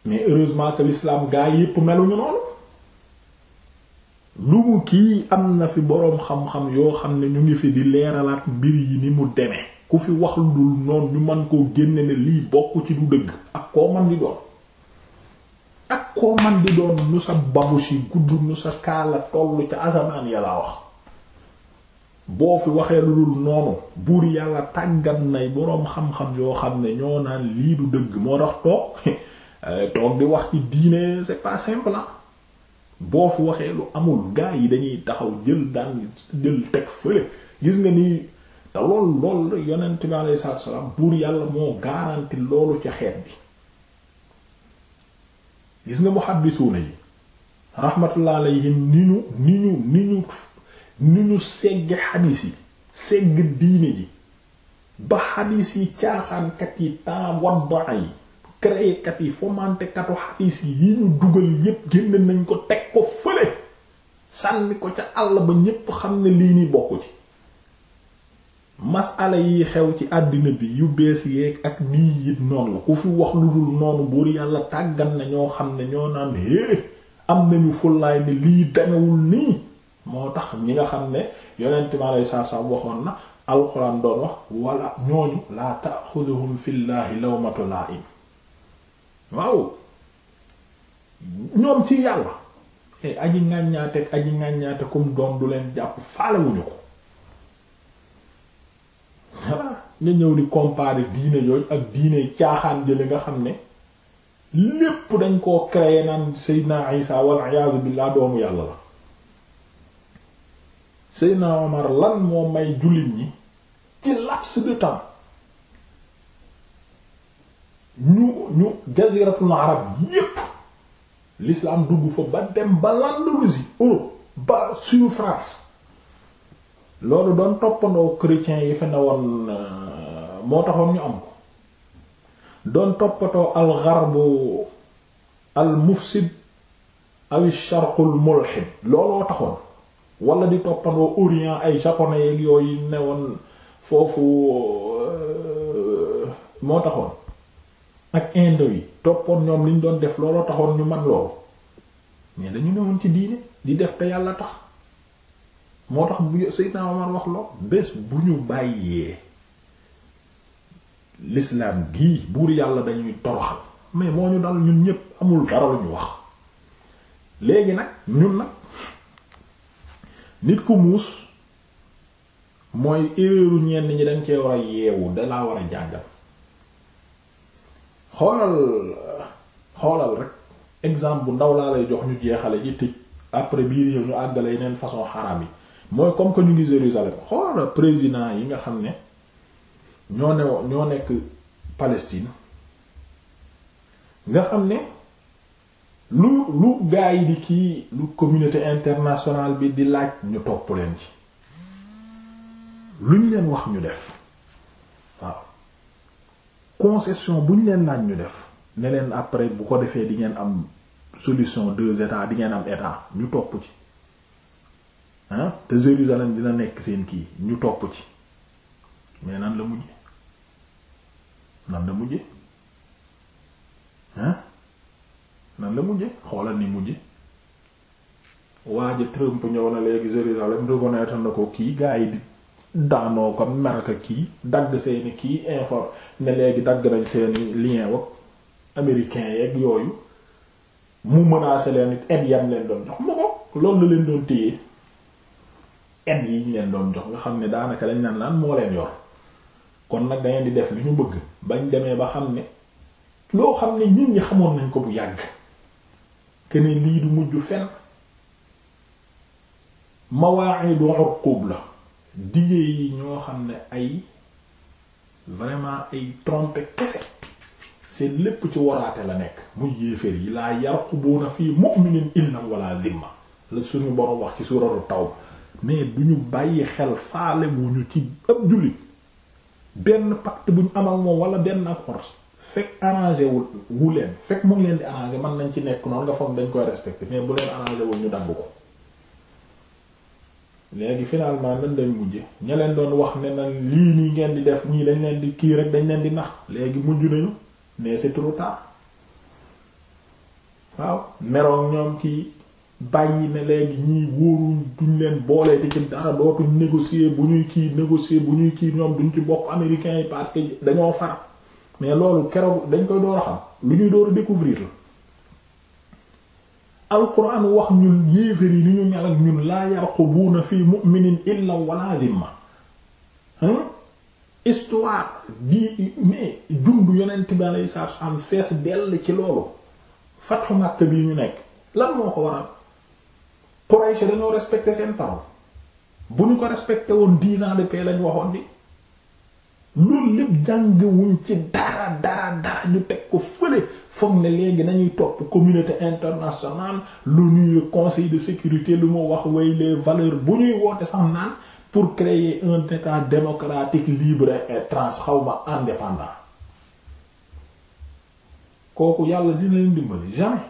mais heureusement que l'islam gaa yépp meluñu noonu lu mu kii am na fi boroom xam-xam yoo xam ne ñu ngi fi di leeralaat mbir yi ni mu demee ku fi wax lu dul noonu ñu mën koo génne ne lii bokk ci du dëgg ak koo man di doon ak koo man di doon nu sa babus yi gudd nu sa kaala tollu ca asamaan yàlla wax boo fi waxee lu dul noonu buur yàlla tàggat nay boroom xam-xam yoo xam ne ñoo naan lii du dëgg moo tax toog eh, toog di wax ci diine c'est pas simple boo fi waxee lu amul gaa yi dañuy taxaw jël daan jël teg fële gis nga ni te lool lool yonent bi alayhi salaatu salaam buur yàlla moo garanti loolu ca xeet bi gis nga muhaddisuuna yi rahmatullah alayhim ni ñu ni ñu ni ñu ni xadiis yi segg diine ji ba xadiis yi caaxaankat yi temps wadda yi créé yi fomenté katu xadiis yi ñu dugal yépp génn nañ ko teg ko fële sànni ko ca àll ba ñépp xam ne lii ni bokk ci masala yi xew ci àddina bi yu bees yeeg ak nii yit noonu la ku fi wax lu dul noonu buur yàlla tàggan na ñoo xam ne ñoo naan hé am nañu fullaay ne lii demewul nii moo tax ñi nga xam ne yonent mi alei saatu salaam waxoon na alxuraan doon wax wala ñooñu laa taxuduhum fi llaahi lawmatu laa im waaw ñoom ci yàlla aji ngàññaate aji ngàññaate comme doom du leen jàpp faalewuñu ko nga ñëw di comparer diine yooyu ak diine caaxaan jële nga xam ne lépp dañ koo créer naan Seydina Isa wal iyaadu billaah doomu yàlla la Seydina Omar lan moo may jullit ñi ci laps de temps ñu ñu jaziratul arab yépp l'islam dugg fa ba dem ba l'Andalousie Europe ba sur France loolu doon toppandoo chrétiens yi fa ne woon euh, moo taxoon ñu am ko doon toppatoo al gharbu al mufsid aw sharqul mulhid looloo taxoon wala di toppandoo orient ay japonais yeeg yooyu ne woon foofu euh, moo taxoon ak indo yi toppoon ñoom liñ doon def looloo taxoon ñu man loolu mais dañu newoon ci diine di def te yàlla tax moo tax bu Seydina Omar wax lool bés bu ñu bàyyee l'islam gii buur yàlla dañuy toroxal mais moo ñu dal ñun ñépp amul dara lu ñu wax léegi nag ñun nag nit ku muus mooy erreuru ñenn ñi dañ cee war a yeewu dalaa war a jàngal xoolal xoolal rek exemple bu ndaw laa lay jox ñu jeexale ci tëj après biir yow ñu àggale yeneen façon xaraam yi mooy comme que ñu ngi Jérusalem xoolal président yi nga xam ne ñoo ne ñoo nekk Palestine nga xam ne lu lu gaa di kii lu communauté internationale bi di laaj ñu topp leen ci luñ leen wax ñu def concession bu ñu leen naan ñu def ne leen après bu ko defee di ngeen am solution de états di ngeen am état ñu topp ci ah te Jérusalem dina nekk seen kii ñu topp ci mais nan la mujje nan la mujje ah nan la mujje xoolal ni mujje waaja Trump ñëw na léegi Jérusalem reconnaître na ko kii gaa yi daanoo ko merka kii dagg seeni kii info ne léegi dagg nañ seeni lien wak américain yeeg yooyu mu menacé leen it aide yam leen doon jox ma ko loolu leen doon téye aide yi ñu leen doon jox nga xam ne daanaka dañ naan laan moo leen yor kon nag dangeen di def li ñu bëgg bañ demee ba xam ne loo xam ne nit ñi xamoon nañ ko bu yàgg kene lii du mujj fen mawaa'idu uqub la dige yi ñoo xam ne ay vraiment ay trompe kese seen lépp ci waraate la nekk muy yéeféer yi laa na fii mu mu'minin illan wala dhimma la suñu borom wax ci suuratu taw mais du ñu bàyyi xel faale wu ñu ci ab jullit benn pacte bu ñu amal moom wala benn accord fekk arrangé wul wu leen fekk mu leen di arrangé mën nañ ci nekk noonu nga foog dañ koy respecté mais bu leen arrangé ñu dagg ko léegi finalement nan lay mujje ña leen doon wax ne lii nii ngeen di def ñii dañ leen di kii rek dañ leen di nax léegi mujj nañu mais c'est trop tard waaw meroog ñoom kii bàyyi ne léegi ñii wóoruñ duñ leen boolee te ci dara dootuñ négocier bu ñuy kii négocier bu ñuy kii ñoom duñ ci bokk américains yi park que dañoo far mais loolu keroog dañ koy door xam lu ñuy door a découvrir la alquran wax ñu yéefér yi ñu mel ak ñun laa yarqubuuna fi mu'minin illa wala dhimma histoire di mais dund yonent bi alayhi salaatu wasallam fees dell ci loolu fatxu Makka bi ñu nekk lan moo ko waral Quraysh dañoo respecte seen parole bu ñu ko respecté woon dix ans de paix lañ waxoon bi loolu lépp jàng wuñ ci dara dara dara ñu teg ko foog ne léegi nañuy topp communauté internationale l'ONU conseil de sécurité lu ma wax way les valeur bu ñuy woote sax naan pour créer un état démocratique libre et trans xawma indépendant kooku yàlla dina leen dimbali jamais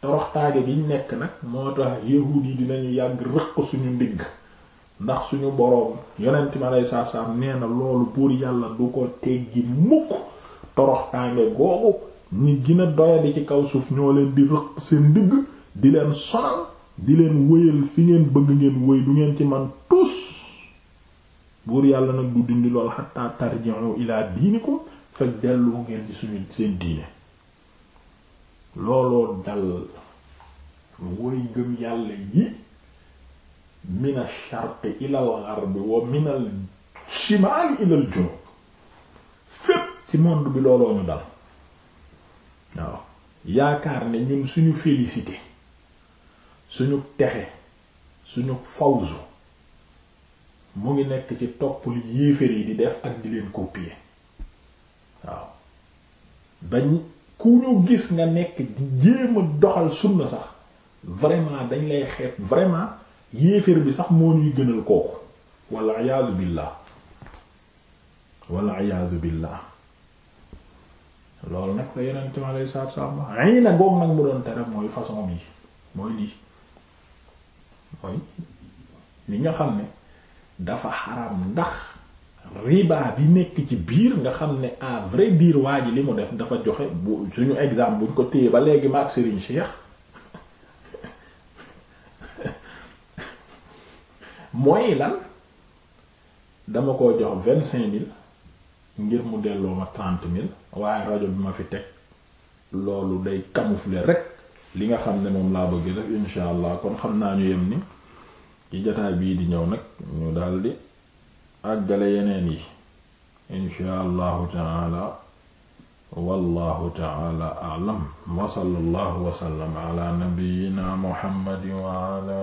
toroxtaage gi nekk nag moo tax yahuud yi dinañu yàgg rëq suñu ndigg ndax suñu boroom yonent mi aleyhi salaatu nee na loolu buur yàlla du ko teggi mukk toroxtaange googu ñi gën a doyadi ci kaw suuf ñoo leen di rëq seen digg di leen sonal di leen wëyal fi ngeen bëgg ngeen wëy du ngeen ci man tus buur yàlla nag du dindi lool xatta tarji'u ilaa diinikum fekk delloo ngeen ci suñu seen diine looloo dal woy gëm yàlla yi mina sharqi ilal gharbi wa minal shimaali ilal junub fépp ci monde bi looloo ñu dal waaw yaakaar ne ñun suñu félicité suñu texe suñu fawzu mu ngi nekk ci topp li yéeféer yi di def ak di leen copier waaw dañ ku ñu gis nga nekk di jéem doxal sunna sax vraiment dañ lay xeet vraiment yéeféer bi sax moo ñuy gënal kooku walla iyaadu billaah walla iyaadu billaah loolu nag la yeneen time lay saab saab ma ay na goog nag mu doon tere mooy façon bi mooy lii mooy li nga xam ne dafa xaram ndax riba bi nekk ci biir nga xam ne à vrai dire waa ji li mu def dafa joxe bu suñu exemple buñ ko téye ba léegi ma ak Serigne seex mooy lan dama ko jox vingt cinq mille ngir mu delloo ma trente mille waaye rajo bi ma fi teg loolu day camoufler rek li nga xam ne moom laa bëgg def incha allah kon xam naa ñu yem ni ci jotaay bii di ñëw nag ñu daldi àggale yeneen yi incha allahu taala wallahu taala alam wa sallallahu wa sallam ala nabiyyina muhammad wa ala